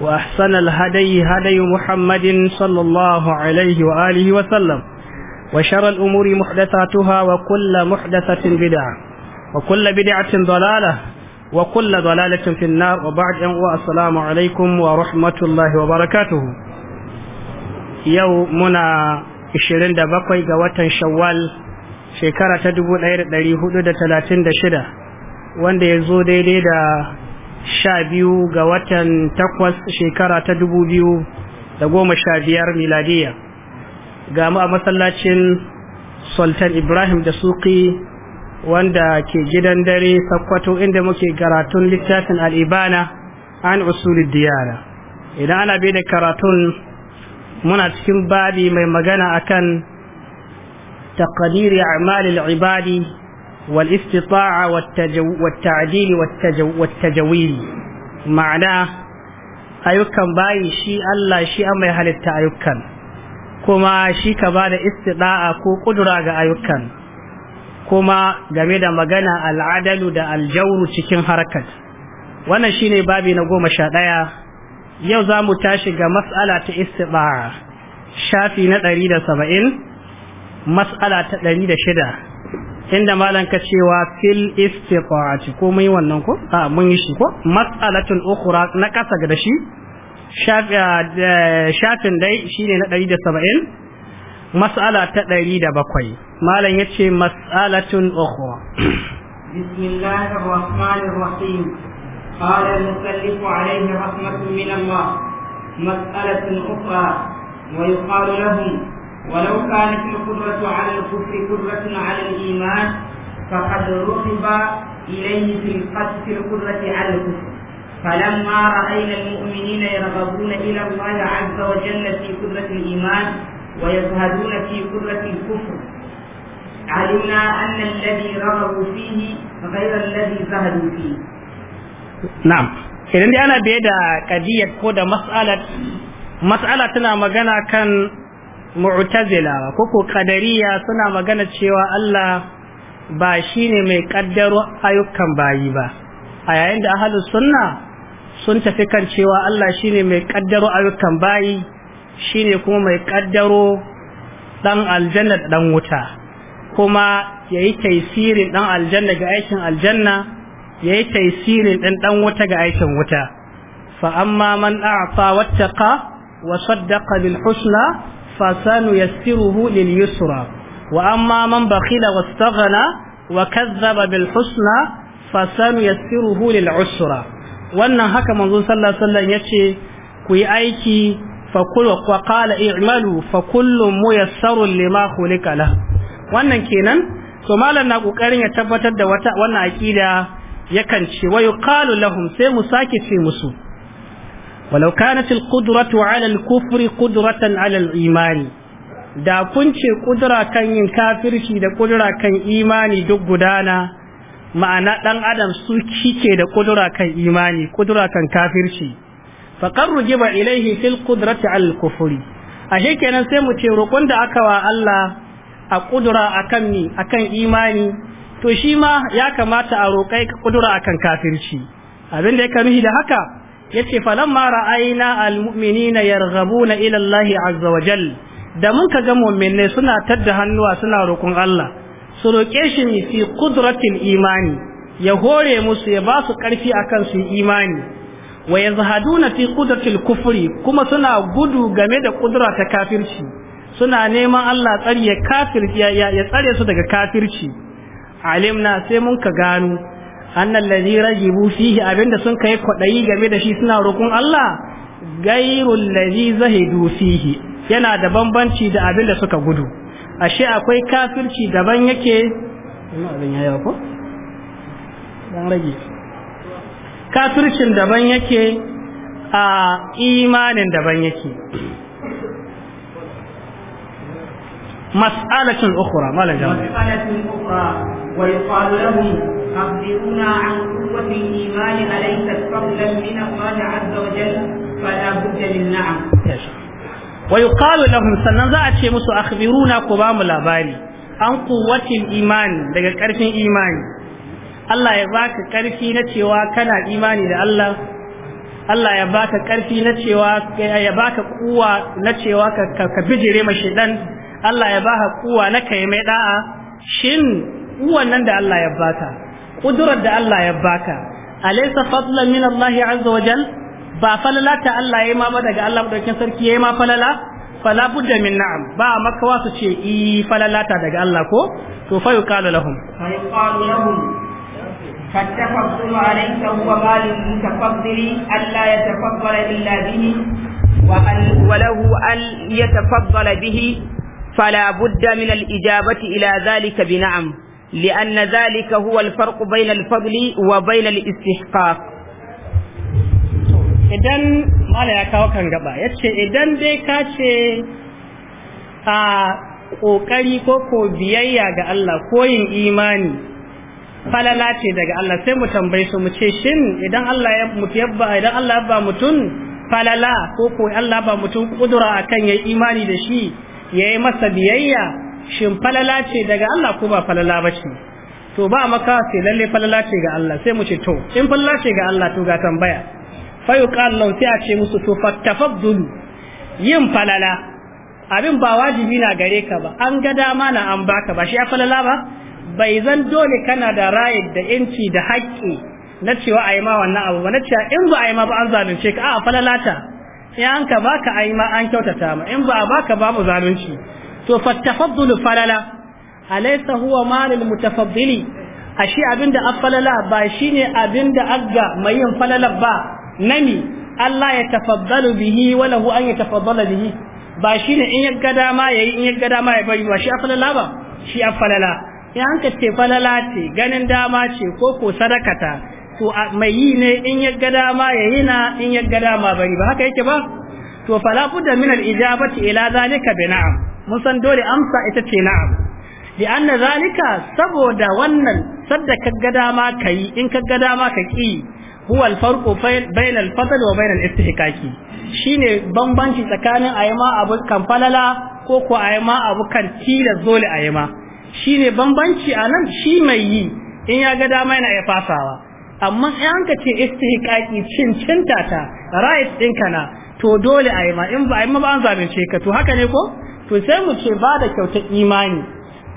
وأحسن الهدي هدي محمد صلى الله عليه وآله وسلم وشر الأمور محدثاتها وكل محدثة بدعة وكل بدعة ضلالة وكل ضلالة في النار وبعد السلام عليكم ورحمة الله وبركاته يوم منا 27 ga watan Shawwal shekara ta 1436 wanda ya zo daidai da sha biyu ga watan takwas shekara ta dubu biyu da goma sha biyar miladiya ga mu a masallacin sultan ibrahim da suki wanda ke gidan dare sakkwato inda muke karatun littafin al'ibana an usulid diyara idan ana bai da karatun muna cikin babi mai magana akan taqdiri a'malil ibadi Wal istibaca wa tajiri wa tajawiri. Ma'ana ayyukan baya shi Allah shi an bai halitta ayyukan. Kuma shi ka bada istidai ko ƙudura ga ayyukan. Kuma game da magana al'adaru da aljaru cikin harkar. Wannan shine ne babi na goma sha ɗaya. Yau zamu tashi ga mas'ala ta istibata. Shafi na dari da sama'in mas'ala ta dari da shida. inda malam ka cewa fil istita'ati ko mun yi wannan ko a mun yi shi ko mas'alatul ukhra na kasa ga shi shafin dai shine na 170 mas'ala ta 107 malan yace mas'alatul ukhra bismillahir rahmanir rahim قال المكلف عليه رحمة من الله مسألة أخرى ويقال لهم ولو كانت القدرة على الكفر قدرة على الإيمان فقد رغب إليه في القصف القدرة على الكفر فلما رأينا المؤمنين يرغبون إلى الله عز وجل في قدرة الإيمان ويزهدون في قدرة الكفر علمنا أن الذي رغبوا فيه غير الذي زهدوا فيه نعم idan dai ana biye da kadiyar ko da mas'alar mas'ala tana magana kan mu'tazila ko ko qadariya suna magana cewa Allah ba shine mai kaddaro ayyukan bayi ba a yayin da ahlus sunna sun tafi kan cewa Allah shine mai kaddaro ayyukan bayi shine kuma mai kaddaro dan aljanna dan wuta kuma yayi taisirin dan aljanna ga aikin aljanna yayi taisirin dan dan wuta ga aikin wuta fa amma man a'ta wattaqa wa saddaqa bil husna فسنيسره wa وأما من بخل واستغنى وكذب بالحسنى فسنيسره للعسرى wannan haka manzon sallah alaihi ya yace ku yi aiki fa kullu wa i'malu fa kullu muyassarun lima khuliqa la wannan kenan to malam na kokarin ya tabbatar da wata wannan aqida yakan ce wa yuqalu lahum sai mu sake ce musu walau kanat alqudratu ala alkufri qudratan ala imani da kun ce kudura kan yin kafirci da kudura kan imani duk gudana ma'ana dan adam su kike da kudura kan imani kudura kan kafirci faqad rujiba ilaihi fil qudrati kufuri a ashe kenan sai mu ce roƙon da aka wa Allah a kudura akan ni akan imani to shi ma ya kamata a roƙai kudura akan kafirci abin da ya nuhi da haka yace falamma ra'ayna almu'minina yarghabuna ila Allah azza wa jal da mun ga mu'minai suna tadda hannuwa suna roƙon Allah su roƙe shi fi qudratil imani ya hore musu ya ba su ƙarfi akan su imani wa yazhaduna fi qudratil kufri kuma suna gudu game da kudura ta kafirci suna neman Allah tsare ya ya tsare su daga kafirci alimna sai mun ka gano annal ladhi rajibu fihi abinda sun kai kwadayi game da shi suna roƙon Allah gairul ladhi zahidu fihi yana da bambanci da abinda suka gudu ashe akwai kafirci daban yake kafircin daban yake a imanin daban yake مسألة أخرى ما لجمع مسألة أخرى ويقال لهم أخبرونا عن قوة الإيمان أليست فضلا من الله عز وجل فلا بد للنعم ويقال لهم sannan za a ce musu akhbiruna ku ba mu labari an kuwatin imani daga karfin imani Allah ya baka karfi na cewa kana imani da Allah Allah ya baka karfi na cewa ya baka kuwa na cewa ka bijire ma dan Allah ya baka kuwa na kai mai da'a shin uwan nan da Allah ya baka kudurar da Allah ya baka alaysa fadlan min Allah azza wa jal ba falala ta Allah yayi ma daga Allah madaukin sarki yayi ma falala fala budda min na'am ba maka wasu ce i falalata daga Allah ko to fa yuqalu lahum fa yuqalu lahum fattafaddal alayka huwa malin mutafaddili alla yatafaddala illa bihi wa an walahu an yatafaddala فلا بد من الإجابة إلى ذلك بنعم لأن ذلك هو الفرق بين الفضل وبين الاستحقاق idan mala ya kawo kan gaba ya ce idan dai ka ce a ƙoƙari ko ko biyayya ga Allah ko yin imani falala ce daga Allah sai mu tambaye su mu ce shin idan Allah ya mutu idan Allah ba mutum falala ko ko Allah ba mutum kudura akan yayi imani da shi ya yi masa biyayya shin falala ce daga Allah ko ba falala ba ce to ba maka sai lalle falala ce ga Allah sai mu ce to in falala ce ga Allah to ga tambaya fa yuqal sai a ce musu to fattafaddulu yin falala abin ba wajibi na gare ka ba an ga dama na an baka ba shi ya falala ba bai zan dole kana da rayi da inci da haƙƙi na cewa a yi ma wannan abu ba na cewa in ba a yi ma ba an zalunce ka a falalata in an ka baka ai ma an kyautata ma in ba a baka babu zalunci to fattafaddulu falala alaysa huwa malul mutafaddili ashi abinda afalala ba shine abinda agga mai yin falala ba nani Allah ya tafaddalu bihi wala hu an yatafaddala bihi ba shine in ya ga dama yayi in ya dama ya bari ba shi afalala ba shi afalala in an ka ce falala ce ganin dama ce ko ko sadakata to mai yi ne in ya ga dama ya yi na in ya ga dama bari ba haka yake ba to fala budda min al ijabati ila zalika bi na'am mun san dole amsa ita ce na'am bi anna zalika saboda wannan sadda ka ga dama kai in ka ga dama ka ki huwa al farqu bayna al wa bayna al istihqaqi shine bambanci tsakanin ayma abu kan falala ko ko ayma abu kan tilas dole ayma shine bambanci anan shi mai yi in ya ga dama yana ya fasawa amma in an ka ce istihqaqi cincinta ta right din na to dole a yi ma in ba a yi ma ba an zalunce ka to haka ne ko to sai mu ce ba da kyautar imani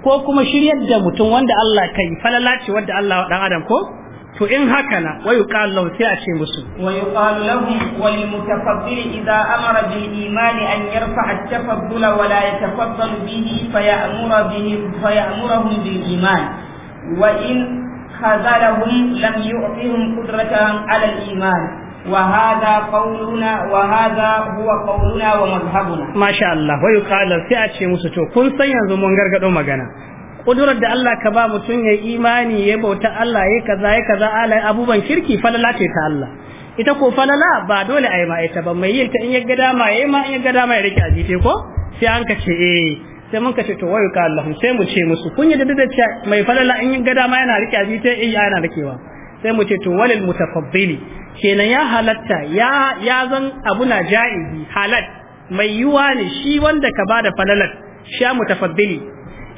ko kuma shiryar da mutum wanda Allah ka yi falala ce wanda Allah dan adam ko to in haka na wa yuqal lahu sai a ce musu wa yuqal lahu wa lil mutafaddil idza amara bil imani an yarfa al tafaddul wa la yatafaddal bihi fa ya'muru bihi fa ya'muruhum bil iman wa in خذلهم لم يعطهم قدرة على الإيمان وهذا قولنا وهذا هو قولنا ومذهبنا ما شاء الله ويقال سيأتي مسوتو كن سينزو من غرغدو magana. kudurar da Allah ka ba mutum ya imani ya bauta Allah ya kaza ya kaza ala abubuwan kirki falala ce ta Allah ita ko falala ba dole a yi ma ita ba mai yin ta in ya ga dama ya ma in ya ga dama ya rike a ko sai an ka ce eh sai mun kace to wa yuka Allahum sai mu ce musu kun yi da da cewa mai falala in gada ma yana rike abi ta iya yana rikewa sai mu ce to walil mutafaddili kenan ya halatta ya ya zan abu na ja'izi halat mai yuwa ne shi wanda ka bada falalar shi mutafaddili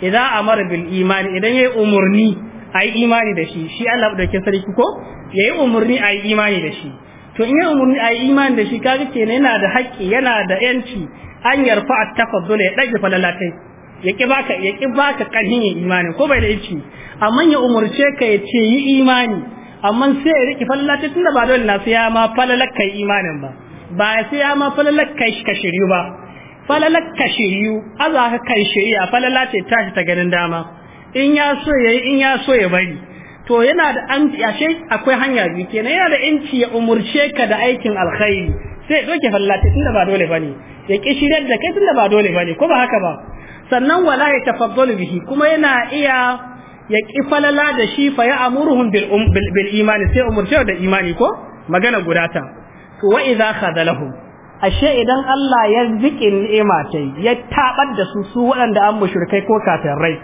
idan amar bil imani idan yayi umurni ayi imani da shi shi Allah da ke sarki ko yayi umurni ayi imani da shi to in yayi umurni ayi imani da shi kaga kenan yana da haƙƙi yana da yanci an yarfa a tafaddula ya ɗage falalatai ya ƙi baka ya ƙi baka ƙarhin yin imani ko bai da ici amma ya umarce ka ya ce yi imani amma sai ya riƙe falalatai tunda ba dole na sai ya ma kai imanin ba ba sai ya ma falalakka ka shiryu ba ka shiryu za ka kan shari'a falalatai tashi ta ganin dama in ya so ya yi in ya so ya bari to yana da anci ashe akwai hanya biyu kenan yana da inci ya umurce ka da aikin alkhairi sai ya doke fallace tunda ba dole bane ya ƙi shiryar da kai tunda ba dole bane ko ba haka ba sannan wala ya tafaddalu bihi kuma yana iya ya falala da shi fa ya amuruhum um, bil bil imani sai umurce da imani ko magana guda ta to wa idza khadalahum ashe idan Allah ya zike ni'ima tai ya tabar da su su waɗanda an mushrikai ko kafirai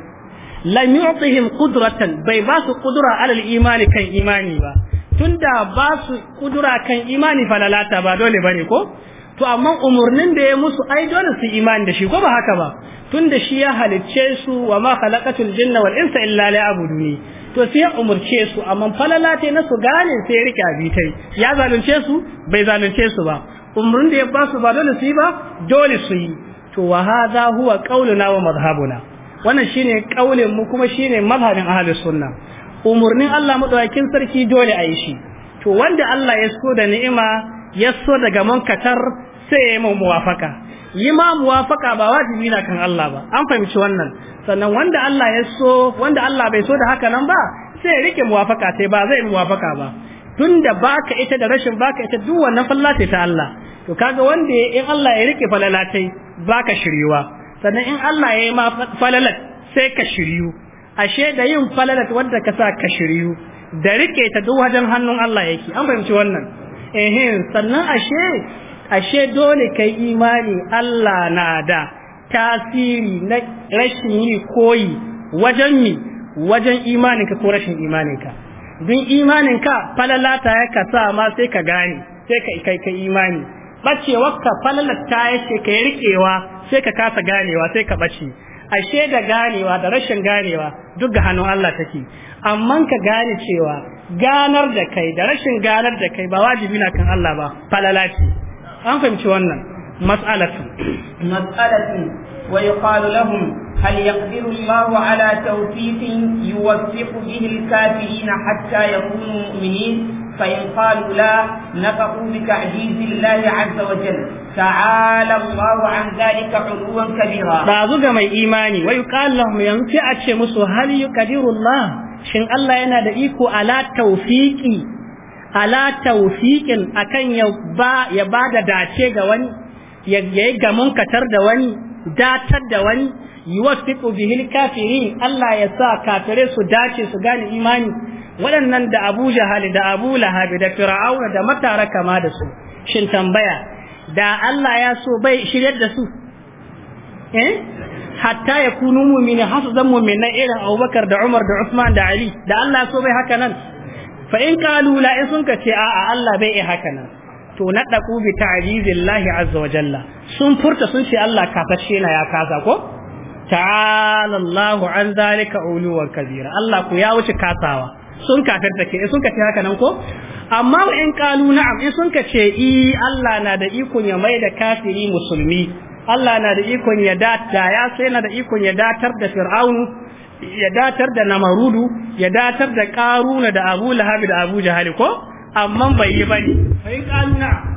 lam yu'tihim qudratan bai ba su qudura alal imani kan imani ba tunda ba su kudura kan imani falalata ba dole bane ko to amma umurnin da ya musu ai dole su imani da shi ko ba haka ba tunda shi ya halicce su wa ma khalaqatul jinna wal insa illa liya'buduni to sai ya umurce su amma falala tai na su gane sai ya rike abitai ya zalunce su bai zalunce su ba umurnin da ya ba su ba dole su yi ba dole su yi to wa hadha huwa qauluna wa madhhabuna wannan shine kaulin mu kuma shine madhhabin ahli sunna umurnin Allah madawakin sarki dole a yi shi to wanda Allah ya so da ni'ima yaso daga munkatar sai ya yi mu muwafaka yi ma muwafaka ba wajibi na kan Allah ba an fahimci wannan sannan wanda Allah ya so wanda Allah bai so da haka nan ba sai ya rike muwafaka sai ba zai muwafaka ba tunda baka ita da rashin baka ita duk wannan fallace ta Allah to kaga wanda in Allah ya rike falalatai baka shiriwa sannan in Allah ya yi ma falalat sai ka shiriyu ashe da yin falalat wanda ka sa ka shiriyu da rike ta duk wajen hannun Allah yake an fahimci wannan ehin sannan ashe ashe dole kai imani Allah na da tasiri na rashin yi koyi wajen mi wajen imaninka ko rashin imaninka don imaninka falalata ya ka sa ma sai ka gane sai ka kai ka imani bacewarka falalata ya ce ka rikewa sai ka kasa ganewa sai ka bace ashe da ganewa da rashin ganewa duk ga hannun Allah take amma ka gane cewa ganar da kai da rashin ganar da kai ba wajibi na kan Allah ba falala ce an fahimci wannan mas'alatu mas'alatu wa yuqalu lahum hal yaqdiru Allah ala tawfiqin yuwaffiqu bihi al-kafirin hatta yakunu mu'minin فإن قالوا لا نفقوا بتعجيز الله عز وجل تعالى الله عن ذلك علوا كبيرا بعض ما إيماني ويقال لهم ينفع shin Allah yana da iko ala tawfiqi ala tawfiqin akan ya ba ya bada dace ga wani ya yi gamon katar da wani datar da wani yuwaffiqu bihil kafirin Allah ya sa kafire su dace su gane imani waɗannan da Abu Jahal da Abu Lahab da Fir'auna da matara kama da su shin tambaya da Allah ya so bai shiryar da su Eh? hatta ya kunu mu'mini hasu zan mu'minan irin Abubakar da Umar da Uthman da Ali da Allah so bai haka nan fa in kalu la in sun kace a'a Allah bai yi haka nan to nadaqu bi ta'jizillahi azza wa jalla sun furta sun ce Allah kafashe na ya kasa ko ta'ala Allahu an zalika uluwan kabira Allah ku ya wuce kasawa sun kafirta ke sun kace haka nan ko amma in kalu na'am in sun kace i Allah na da ikon ya mai da kafiri musulmi Allah na da ikon ya da ya sai na da ikon ya datar da fir'aunu ya datar da namarudu ya datar da karuna da abu lahabi da abu jahali ko amma bai yi bane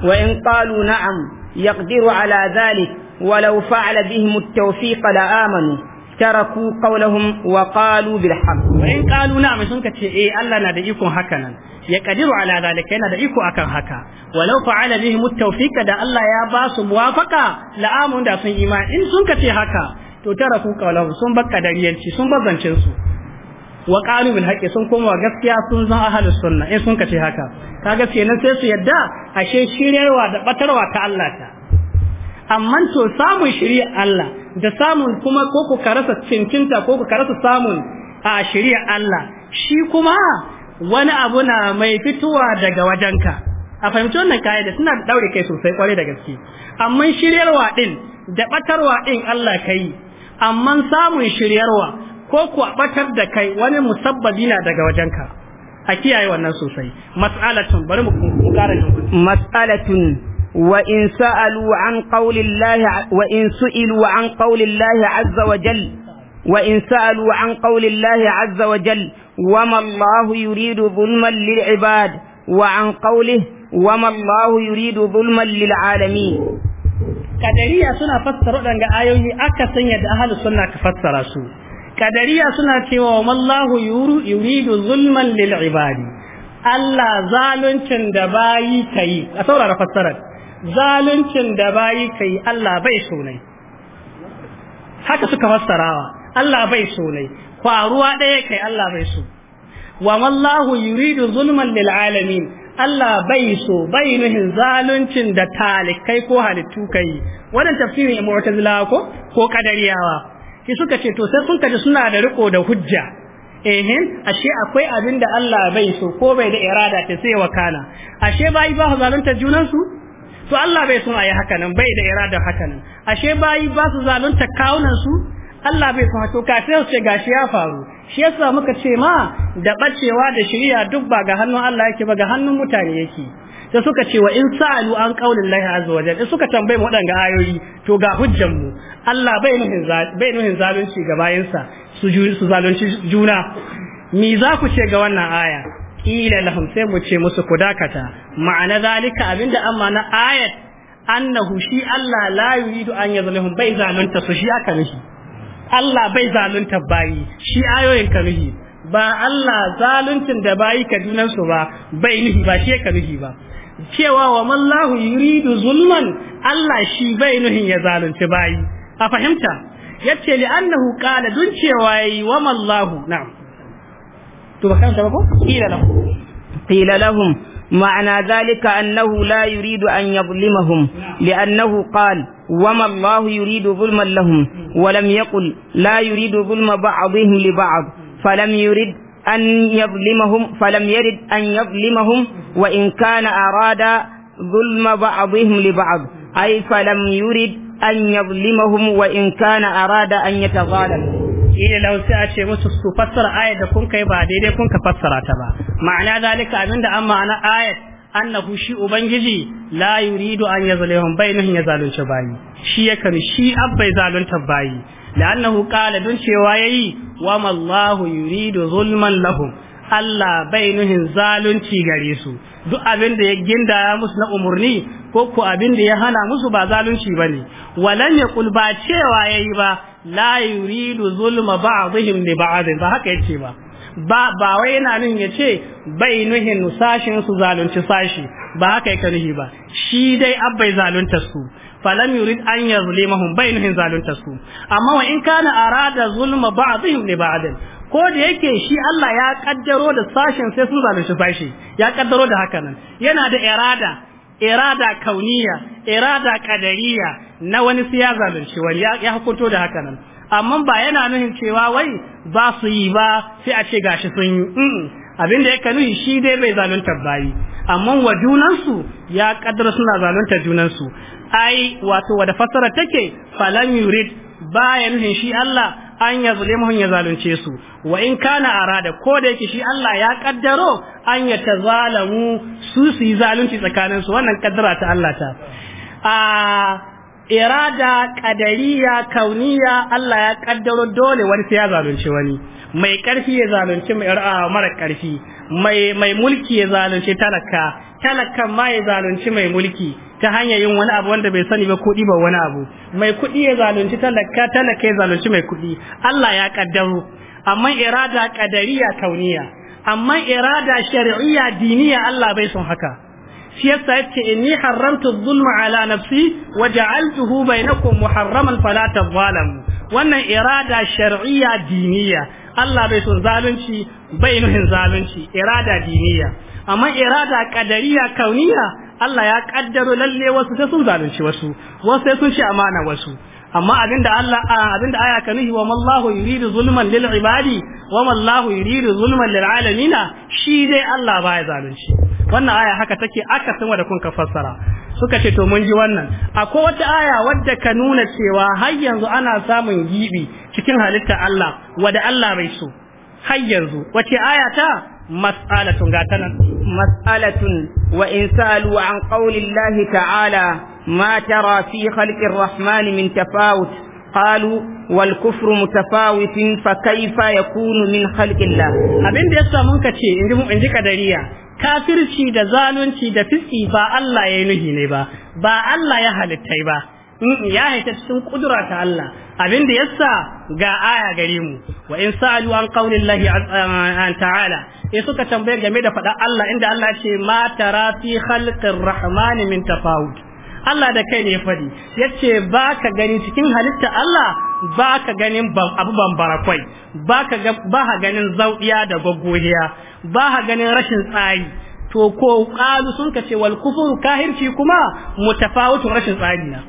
wa in qalu na'am yaqdiru ala zalik walau fa'ala bihim at-tawfiq la amanu taraku qawlahum wa qalu bil haqq wa in qalu na'am sun ce eh Allah na da ikon nan. ya kadiru ala zalika yana da iko akan haka walau fa'ala bihim mutafika da Allah ya ba su muwafaqa la'amun da sun imani in sun kace haka to tara ku qawlan sun bakka dariyanci sun bazancin su wa qalu bil haqqi sun koma gaskiya sun zan ahlus sunna in sun kace haka kaga nan sai su yadda ashe shiryarwa da batarwa ta Allah ta amma to samun shirya Allah da samun kuma ko ku karasa cincinta ko ku karasa samun a shirya Allah shi kuma wani abu na mai fitowa daga wajenka a fahimci wannan kaida suna da daure kai sosai kwarai da gaske amma shiryarwa din da batarwa din Allah kai amma samun shiryarwa ko kuwa batar da kai wani musabbabi na daga wajenka a kiyaye wannan sosai mas'alatun bari mu ƙara mas'alatun وإن سألوا عن قول الله وإن سئلوا عن قول الله عز وجل وإن سألوا عن قول الله عز وجل وما الله يريد ظلما للعباد وعن قوله وما الله يريد ظلما للعالمين kadariya suna fassara waɗanda ayoyi aka san yadda ahalus sunna ka fassara su kadariya suna cewa wallahu yuridu zulman lil ibadi Allah zaluncin da bayi kai a saurara fassarar zaluncin da bayi kai Allah bai haka suka fassarawa Allah bai so faruwa ɗaya kai Allah bai so wa wallahu yuridu zulman lil alamin Allah bai so bai nuhin zaluncin da talikai ko halittu kai wannan tafsirin mu'tazila ko ko kadariyawa ki suka ce to sai sun kaji suna da riko da hujja ehin ashe akwai abin da Allah bai so ko bai da irada ta sai wakana ashe bai ba zalunta junan su to Allah bai so ayi haka nan bai da irada haka nan ashe bai ba su zalunta kawunan su Allah bai san to kafin sai gashi ya faru shi yasa muka ce ma da bacewa da shiriya duk ba ga hannun Allah yake ba ga hannun mutane yake sai suka ce wa in sa'alu an qaulin lahi azza wajal in suka tambaye mu wadanga ayoyi to ga hujjan mu Allah bai nuhin bai nuhin zalunci ga bayansa su su zalunci juna me za ku ce ga wannan aya kila lahum sai mu ce musu ku dakata ma'ana zalika abinda amma na ayat annahu shi Allah la yuridu an yazlahum bai zalunta su shi aka mishi Allah bai zaluntar bayi shi ayoyin ka nuhi ba Allah zaluncin da bayi ka su ba bai nuhi ba shi ka nuhi ba cewa wa mallahu yuridu zulman Allah shi bai nuhin ya zalunci bayi a fahimta yace li annahu qala dun cewa yi wa mallahu na'am to ba kan ta ba ko qila lahum qila lahum معنى ذلك أنه لا يريد أن يظلمهم لأنه قال وما الله يريد ظلما لهم ولم يقل لا يريد ظلم بعضهم لبعض فلم يرد أن يظلمهم فلم يرد أن يظلمهم وإن كان أراد ظلم بعضهم لبعض أي فلم يرد أن يظلمهم وإن كان أراد أن يتظالم ila lau sai a ce musu su fassara ayat da kun kai ba daidai kun ka fassara ta ba ma'ana zalika abinda an ma'ana ayat annahu shi ubangiji la yuridu an yazlihum bainahum ya bayi shi ya kan shi abbai zalunta bayi annahu qala dun cewa yayi wa mallahu yuridu zulman lahum Allah bai nuhin zalunci gare su duk abinda ya ginda musu na umurni ko ko abin da ya hana musu ba zalunci bane walan yaqul ba cewa yayi ba la yuridu zulma ba'dihim li ba'd ba haka yace ba ba ba wai yana nan yace bai nuhin sashin su zalunci sashi ba haka yake nuhi ba shi dai abbai zalunta su falam yurid an yuzlimahum bai nuhin zalunta su amma wa in kana arada zulma ba'dihim li ba'd ko da yake shi Allah ya kaddaro da sashin sai sun zalunci sashi ya kaddaro da haka nan yana da irada irada kauniya irada kadariya na wani siya ya zalunci wani ya hukunto da haka nan amma ba yana nuhin cewa wai ba su yi ba sai a ce gashi sun yi abin da yake nuhi shi dai bai zalunta bayi amma wa junansu ya kaddara suna zalunta junansu ai wato wada da fassara take falan yurid baya nuhin shi Allah an ya yazlimuhum ya zalunce su wa in kana arada ko da yake shi Allah ya kaddaro an ya tazalamu su su yi zalunci tsakanin su wannan kaddara ta Allah ta a irada kadariya kauniya Allah ya kaddaro dole wani sai ya zalunce wani mai karfi ya zalunce zalunci mara karfi mai mulki ya zalunce talaka talakan ma ya zalunci mai mulki ta hanyar yin wani abu wanda bai sani ba kuɗi ɗiba wani abu mai kuɗi ya zalunci talaka talaka ya zalunci mai kuɗi Allah ya kaddaro amma irada kadariya kauniya amma irada shari'iyya diniya Allah bai son haka shi yasa yace inni haramtu zulma ala nafsi wa ja'altuhu bainakum muharraman fala tadhalamu wannan irada shari'iyya diniya Allah bai son zalunci bai nuhin zalunci irada diniya amma irada kadariya kauniya Allah ya kaddaro lalle wasu sai sun zalunci wasu wasu sai sun ci amana wasu amma abinda Allah abinda aya ka nuhi wa mallahu yuridu zulman lil ibadi wa mallahu yuridu zulman lil alamin shi dai Allah baya zalunci wannan aya haka take aka san da kun ka fassara suka ce to mun ji wannan akwai wata aya wadda ka nuna cewa har yanzu ana samun gibi cikin halitta Allah wada Allah bai so har yanzu wace aya ta mas'alatun gatanan mas'alatun wa in an qawli Allah ta'ala ma tara fi khalqi ar-rahman min tafawut qalu wal kufru mutafawitin fa kayfa yakunu min khalqi Allah abin da yasa mun kace inji mu inji kadariya kafirci da zalunci da fiski ba Allah ya yi nuhi ne ba ba Allah ya halittai ba ya haita cikin kudura ta Allah abin da yasa ga aya gare mu wa in sa'alu an qaulillahi an ta'ala in suka tambaye game da faɗa Allah inda Allah ce ma tara fi khalqir rahmani min tafawud Allah da kai ne ya faɗi yace ba ka gani cikin halitta Allah ba ka ganin abu bambara kwai ba ka ba ha ganin zaudiya da gaggohiya ba ha ganin rashin tsari to ko kalu sun kace wal kufru kahirci kuma mutafawutun rashin tsari na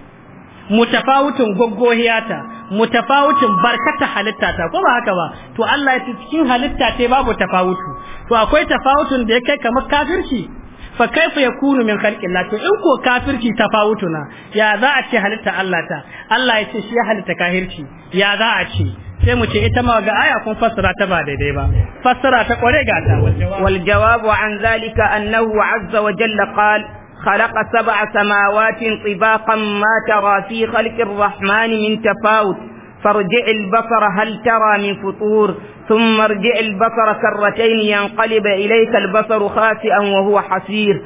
mutafawutun goggohiyata mutafawutun barkata halitta ta ko ba haka ba to Allah ya cikin halitta ta babu tafawutu to akwai tafawutun da ya kai kamar kafirci fa kaifa yakunu min khalqillah to in ko kafirci tafawutuna ya za a ce halitta Allah ta Allah ya ce shi ya halitta kafirci ya za a ce sai mu ce ita ma ga aya kun fassara ta ba daidai ba fassara ta kware ga ta wal jawabu an zalika annahu azza wa jalla qala خلق سبع سماوات طباقا ما ترى في خلق الرحمن من تفاوت فارجع البصر هل ترى من فطور ثم ارجع البصر كرتين ينقلب إليك البصر خاسئا وهو حسير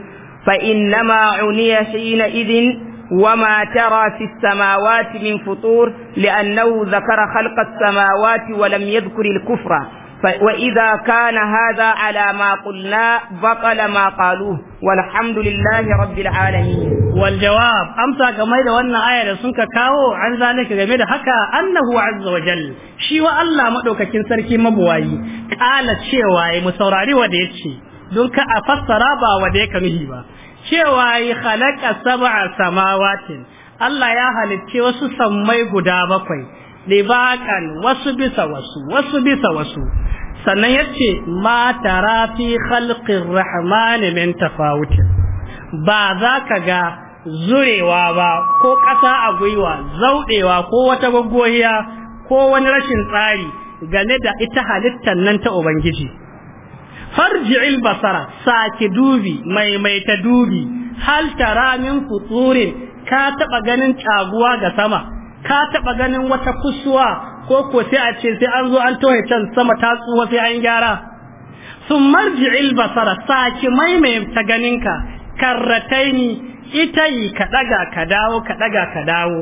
فإنما عني حينئذ وما ترى في السماوات من فطور لأنه ذكر خلق السماوات ولم يذكر الكفر وإذا كان هذا على ما قلنا بطل ما قالوه والحمد لله رب العالمين والجواب أمسى كما إذا وانا آية لسنك كاو عن ذلك جميل حكا أنه عز وجل شي الله مدوك كنسركي مبواي قالت شيواي مسوراري وديتشي دونك أفسر با وديك مهيبا شيواي خلق سبع سماوات Allah يا halicce wasu سمي guda bakwai libaƙan wasu bisa wasu wasu sannan yace ma tara fi khalqir rahman min tafawut ba za ka ga zurewa ba ko ƙasa a gwiwa zauɗewa ko wata gaggohiya ko wani rashin tsari game da ita halittar nan ta ubangiji farji'il basara saki dubi maimaita dubi hal tara min futurin ka taɓa ganin tsaguwa ga sama ka taɓa ganin wata kusuwa ko ko sai a ce sai an zo an tohe can sama ta tsuwa sai an gyara sun marji'il basara saki maimaita ganinka karrataini ita yi ka ɗaga ka dawo ka ɗaga ka dawo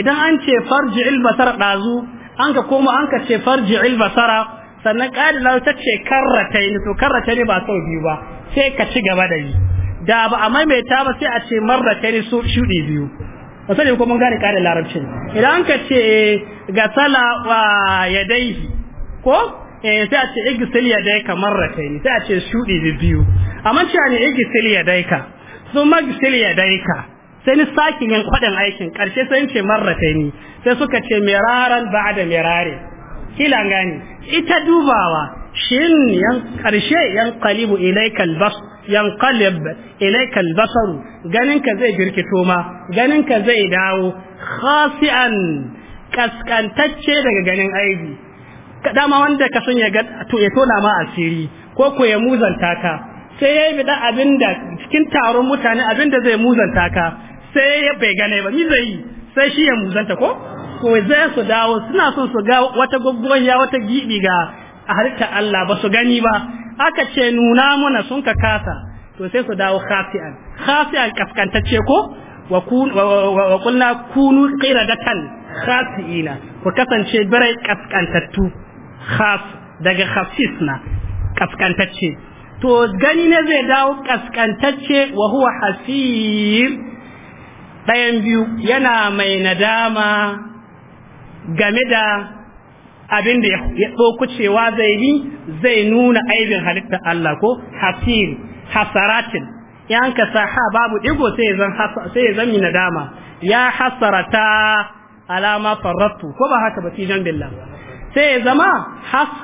idan an ce farji ilbasara ɗazu an ka koma an ka ce farji ilbasara sannan ƙadila ta ce karrataini to karrataini ba sau biyu ba sai ka ci gaba da yi da ba a maimaita ba sai a ce marrataini su shuɗi biyu Wasan sani ko mun gane kare larabcin idan ka ce ga sala wa yadaihi ko eh, sai a ce igisil ya daika yadaika marratayn sai a ce shudi biyu amma a ne igisil ya daika sun magisil ya daika sai ni sakin yin kwadin aikin karshe sai ce marratayn sai suka ce miraran da mirare kila gani ita dubawa shin yan karshe yan kalibu ilaikal basu yanqalib ilayka al-basar ganinka zai girkito ma ganinka zai dawo khasi'an kaskantacce daga ganin aibi dama wanda ka sun ya to ya tona ma asiri ko ko ya muzanta ka sai ya bi da abinda cikin taron mutane abinda zai muzanta ka sai ya bai gane ba ni zai sai shi ya muzanta ko ko zai su dawo suna son su ga wata gaggoya wata gibi ga a harkar Allah ba su gani ba aka ce nuna muna sun ka kasa to sai su dawo khafi'an khafi'an kaskantacce ko wa kunna kunu qiradatan khafi'ina ku kasance barai kaskantattu khaf daga khafisna kaskantacce to gani ne zai dawo kaskantacce wa huwa hasir ɗayan biyu yana mai nadama game da abin da ya ɗauku cewa zai yi zai nuna aibin halitta Allah ko hasir hasaratin yan ka sa babu digo sai zan sai zan yi nadama ya hasarata alama farrattu. ko ba haka ba jan billah sai zama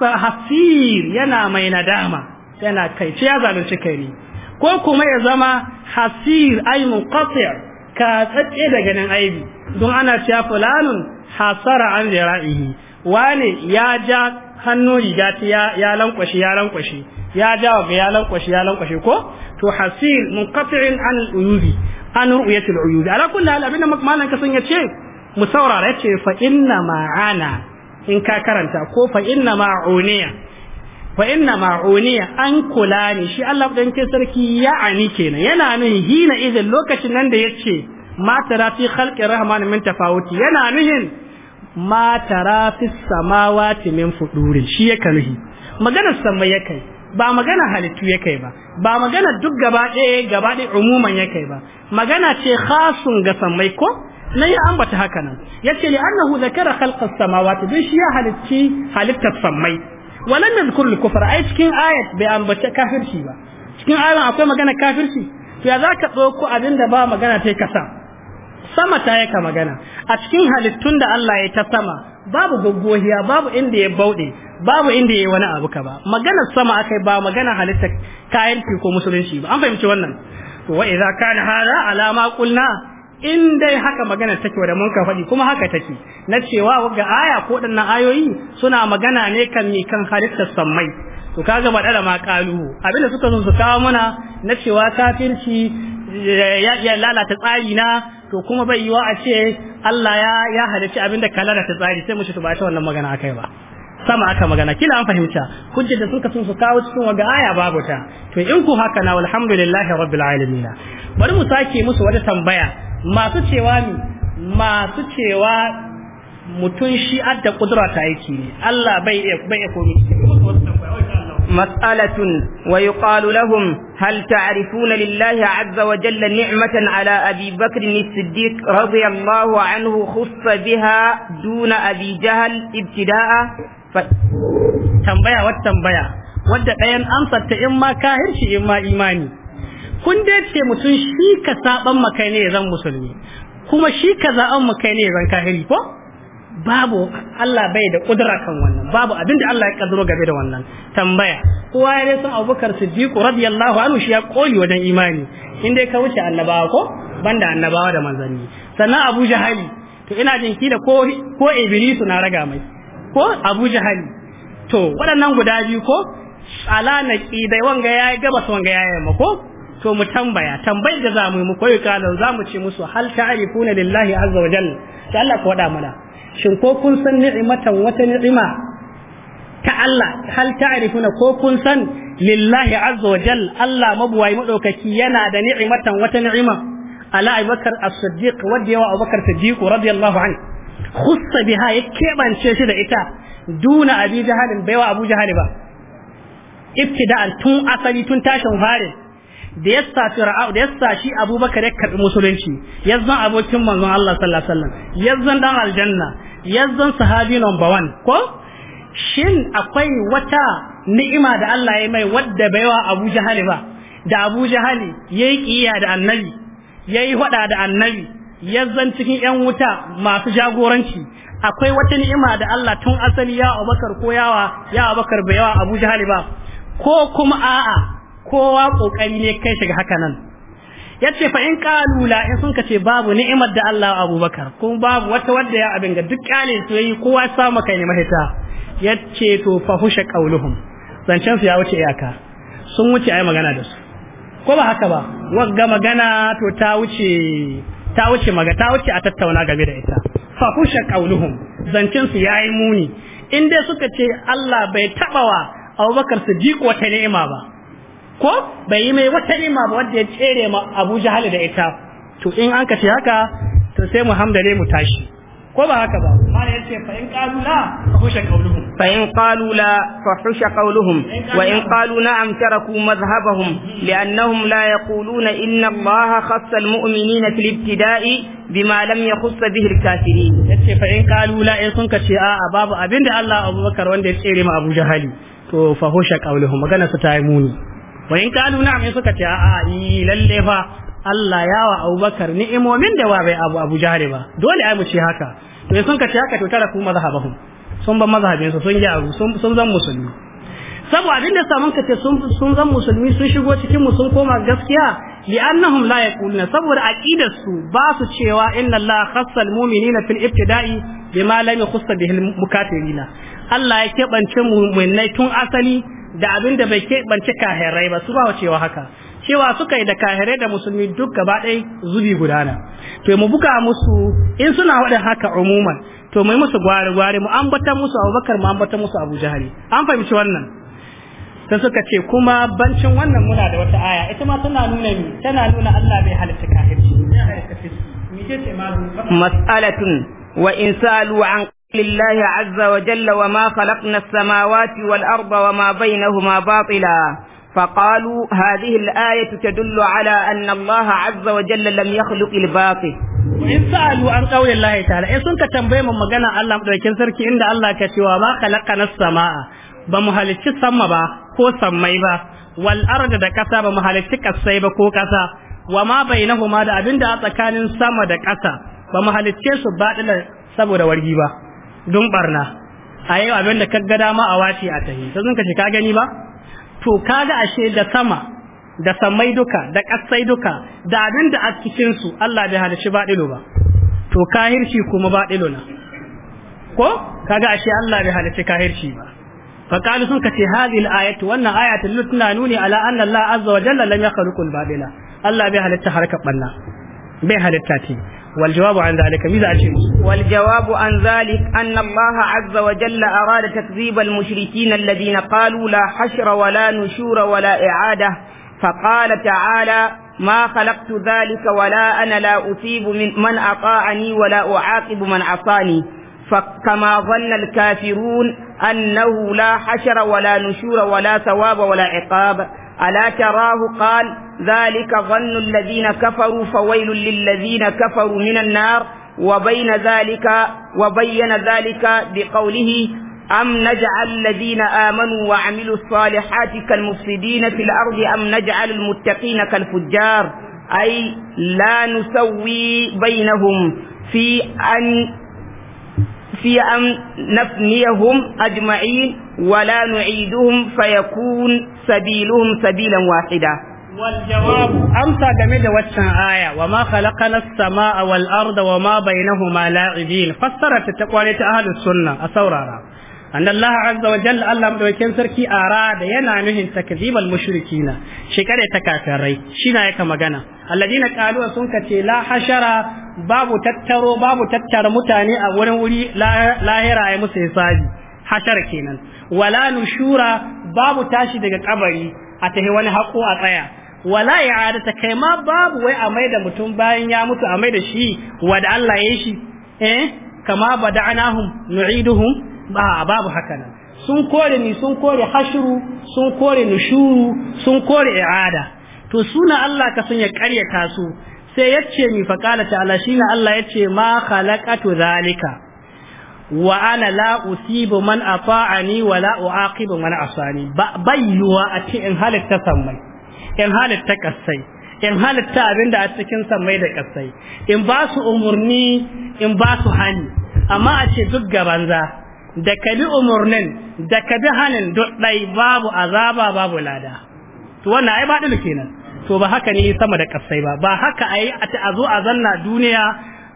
hasir yana mai nadama yana kai ya zalunci kai ne ko kuma ya zama hasir ay munqati' ka tsatse daga nan aibi don ana cewa fulanun hasara an jira'ihi wane ya ja hannu riga ta ya ya lankwashe ya lankwashe ya ja ya lankwashe ya lankwashe ko to hasil munqati'in an al-uyubi an ru'yati al-uyubi ala kulli hal abinda malan ka sun yace mu saurara yace fa inna ma'ana in ka karanta ko fa inna ma'uniya fa inna ma'uniya an kula ni shi Allah dan ke sarki ani kenan yana nan hina idan lokacin nan da yace ma tara fi khalqi rahman min tafawuti yana nihin ma tara fi ti min fudurin shi ya kalhi maganar sama ya kai ba magana halittu ya kai ba ba magana duk gaba ɗaya gaba ɗaya umuman ya kai ba magana ce khasun ga samai ko na yi ambata haka nan ya ce li annahu zakara khalqas samawati dun shi ya halicci halittar samai." walan nadhkur kufra ai cikin ayat bai ambata kafirci ba cikin ayat akwai magana kafirci to ya zaka tsoko abinda ba magana ta kasa sama ta yaka magana a cikin halittun da Allah ya ta sama babu gaggohiya babu inda ya bauɗe babu inda ya wani abu ka ba magana sama akai ba magana halitta kayan ko musulunci ba an fahimci wannan wa idza kana hada alama qulna in dai haka magana take da mun ka faɗi kuma haka take na cewa ga aya ko dannan ayoyi suna magana ne kan mi kan halittar sammai to kaga madara ma kalu abinda suka zo su kawo muna na cewa kafirci ya lalata tsari na to kuma bai yiwa a ce Allah ya ya abin da ka lalata tsari sai mu tubashi ba wannan magana akai ba sama aka magana kila an fahimta kunje da suka sun su kawo cikin waga aya babu ta to in ku haka na walhamdulillahi rabbil alamin bari mu sake musu wata tambaya masu cewa ni masu cewa mutun shi adda kudura ta aiki ne Allah bai bai komai مسألة ويقال لهم هل تعرفون لله عز وجل نعمة على أبي بكر الصديق رضي الله عنه خص بها دون أبي جهل ابتداء ف... تنبيا والتنبيا wadda ɗayan amsar ta in ma kahirci in ma imani kun dai ce mutum shi ka saban makai ne zan musulmi kuma shi ka za'an makai ne zan kahiri ko babu Allah bai da kudura kan wannan babu abinda Allah ya kaddaro gabe da wannan tambaya kowa ya san Bakar Siddiq radiyallahu anhu shi ya koyi wajen imani in dai ka wuce annabawa ko banda annabawa da manzanni sannan Abu Jahali to ina jin da ko ko Iblis na raga mai ko Abu Jahali to waɗannan guda biyu ko ala ki dai wanga yayi gabas wanga yayi yamma ko to mu tambaya tambayar da zamu mu koyi kalan mu ce musu hal na lillahi azza wa jalla sai Allah ko da mana shin ko kun san ni'imatan wata ni'ima ta Allah hal na ko kun san lillahi azza wa jalla Allah mabuwai madaukaki yana da ni'imatan wata ni'ima ala Abubakar as-Siddiq wadda yawa Abubakar Siddiq radiyallahu anhu khussa biha ya kebance shi da ita duna abi jahalin baiwa abu jahali ba ibtida'an tun asali tun tashin farin da ya sa fir'au da ya sa abubakar ya karbi musulunci ya zan abokin manzon Allah sallallahu alaihi wasallam ya zan dan aljanna ya zan sahabi number one ko shin akwai wata ni'ima da Allah ya mai wadda bai wa Abu Jahali ba da Abu Jahali yayi ƙiya da annabi yayi hada da annabi ya zan cikin yan wuta masu jagoranci akwai wata ni'ima da Allah tun asali ya Abubakar ko yawa ya Abubakar bai wa Abu Jahali ba ko kuma a'a kowa kokari ne kai shiga haka nan yace fa in qalu la in sun kace babu ni'imar da Allah Abubakar kun babu wata wadda ya abin ga duk kale su yi kowa samu kai ne mahita yace to fa husha qauluhum zancen su ya wuce iyaka sun wuce ai magana da su ko ba haka ba wagga magana to ta wuce ta wuce maga ta wuce a tattauna game da ita fa husha qauluhum zancen su yayi muni in dai suka ce Allah bai tabawa Abubakar jiko wata ni'ima ba ko bai yi mai wata nima ba wanda ya tsere ma Abu Jahal da ita to in an kace haka to sai mu hamdale mu tashi ko ba haka ba mala yace fa in qalu la fa husha qawluhum fa in qalu la fa husha qawluhum wa in qalu na'am taraku madhhabahum li'annahum la yaquluna inna Allah khassa al-mu'minina fil ibtida'i bima lam yakhuss bihi al-kafirin yace fa in qalu la in sun kace a babu abinda Allah Abubakar wanda ya tsere ma Abu Jahali to fa husha qawluhum magana su ta yi muni wa in kalu na'am in suka ce a'a yi lalle fa Allah ya wa Abubakar ni'imomin da wa bai Abu Abu Jahal ba dole ai mu ce haka to in sun ka ce haka to tara ku mazhabahum sun ban mazhabin su sun gyaru sun sun zan musulmi saboda abin da samun ka ce sun zan musulmi sun shigo cikin mu sun koma gaskiya li'annahum la yaquluna saboda aqidar su ba su cewa inna Allah khassa al-mu'minina fil ibtida'i bima lam yakhussa bihi al-mukathirina Allah ya kebance mu'minai tun asali da abin da bai keɓance kahirai ba su ba cewa haka cewa suka yi da kahirai da musulmi duk gaba ɗaya zubi gudana to mu buga musu in suna waɗin haka umuman to mu yi musu gwari gwari mu ambata musu abubakar mu ambata musu abu jahari an fahimci wannan sai suka ce kuma bancin wannan muna da wata aya ita ma tana nuna mi tana nuna Allah bai halitta kahirci mas'alatun wa in an لله عز وجل وما خلقنا السماوات والأرض وما بينهما باطلا فقالوا هذه الآية تدل على أن الله عز وجل لم يخلق الباطل in sa'alu an qawli Allah ta'ala eh sun ka tambaye mu magana Allah madaukakin sarki inda Allah ka cewa ba khalaqana samaa ba mu halicci sama ba ko sammai ba wal arda da kasa ba mu halicci kasai ba ko kasa wa ma bainahuma da abinda a tsakanin sama da kasa ba mu halicce su ba saboda wargi ba don barna a yau abin da ka ga dama a wace a tahi sai sun kace ka gani ba to kaga ashe da sama da samai duka da kasai duka da abin da a cikin su Allah bai halici ba dilo ba to kahirci kuma ba dilo na ko kaga ashe Allah bai halici kahirci ba فقالوا سنك هذه الآية وأن آية لتنا نوني على أن الله عز وجل لم يخلق البابلة الله بها للتحركة بنا بها للتاتي والجواب عن ذلك ماذا أشيء والجواب عن ذلك أن الله عز وجل أراد تكذيب المشركين الذين قالوا لا حشر ولا نشور ولا إعادة فقال تعالى ما خلقت ذلك ولا أنا لا أصيب من, من أطاعني ولا أعاقب من عصاني فكما ظن الكافرون أنه لا حشر ولا نشور ولا ثواب ولا عقاب ألا تراه قال ذلك ظن الذين كفروا فويل للذين كفروا من النار وبين ذلك وبين ذلك بقوله أم نجعل الذين آمنوا وعملوا الصالحات كالمفسدين في الأرض أم نجعل المتقين كالفجار أي لا نسوي بينهم في أن في أن نفنيهم أجمعين ولا نعيدهم فيكون sabiluhum sabilan wahida والجواب أمسى جميل وشن آية وما خلقنا السماء والأرض وما بينهما لاعبين فسرت التقوى أهل السنة أثورارا أن الله عز وجل الله مدوكين سركي أراد ينعنهن تكذيب المشركين شكرا تكاكري شنا يكما جنا الذين قالوا سنك لا حشر باب تترو باب تتر متاني أولا ولي لا لا هراء مسيساجي حشر كينا ولا نشورا babu tashi daga kabari a tahi wani hako a tsaya wala i'adata kai ma babu wai a da mutum bayan ya mutu a mai da shi wada Allah ya shi eh kama bada'nahum nu'iduhum ba babu haka nan sun kore ni sun kore hashru sun kore nushuru sun kore i'ada to suna Allah ka sun ya karya su sai yace mi faqala ta'ala na Allah yace ma khalaqatu zalika wa ana la usibu man afa'ani wa la uaqibu man asani bayyuwa a ce in halitta sammai in halitta kasai in halitta abinda a cikin sammai da kasai in ba su umurni in ba su hani amma a ce duk gabanza da kabi bi umurnin da kabi bi hanin duk dai babu azaba babu lada to wannan ai ba kenan to ba haka ne sama da kasai ba ba haka ai a zo a zanna duniya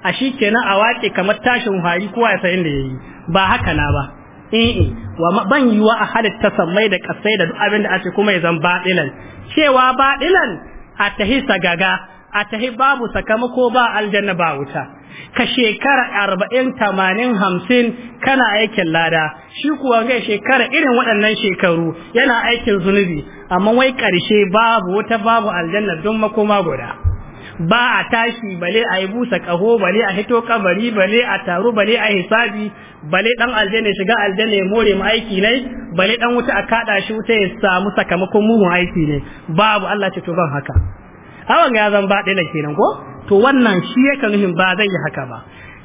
a shi kenan a waƙe kamar tashin hari ko ya sayin da ya ba haka na ba eh wa ban yiwa a halitta tasammai da kasai da duk abin da ake kuma ya zan baɗilan cewa baɗilan a tahi sagaga a tahi babu sakamako ba aljanna ba wuta ka shekara arba'in tamanin hamsin kana aikin lada shi kuwa ga shekara irin waɗannan shekaru yana aikin zunubi amma wai ƙarshe babu wata babu aljanna don makoma guda ba a tashi bale a yi busa kaho bale a hito kabari bale a taru bale a hisabi bale dan aljanna shiga aljanna ya more mu aiki ne bale dan wuta a kada shi wuta ya samu sakamakon muhu aiki ne babu Allah ce to ban haka awan ya zan ba ɗaya kenan ko to wannan shi yake nuhin ba zai yi haka ba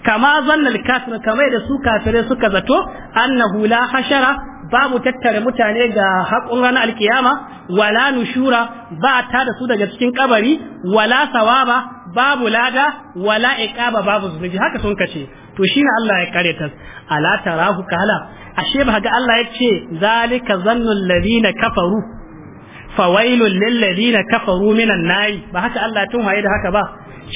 kama zannal kafir kamar da su kafirai suka zato annahu la hashara Babu tattara tattare mutane ga haƙun ranar alkiyama wala nushura ba ta da su daga cikin kabari wala sawaba babu lada wala iqaba babu zunubi haka sun kace to shine Allah ya kare ta ala tarahu kala ashe ba ga Allah yace zalika zannul ladina kafaru fawailul lil ladina kafaru minan nari ba haka Allah tun tunhaye da haka ba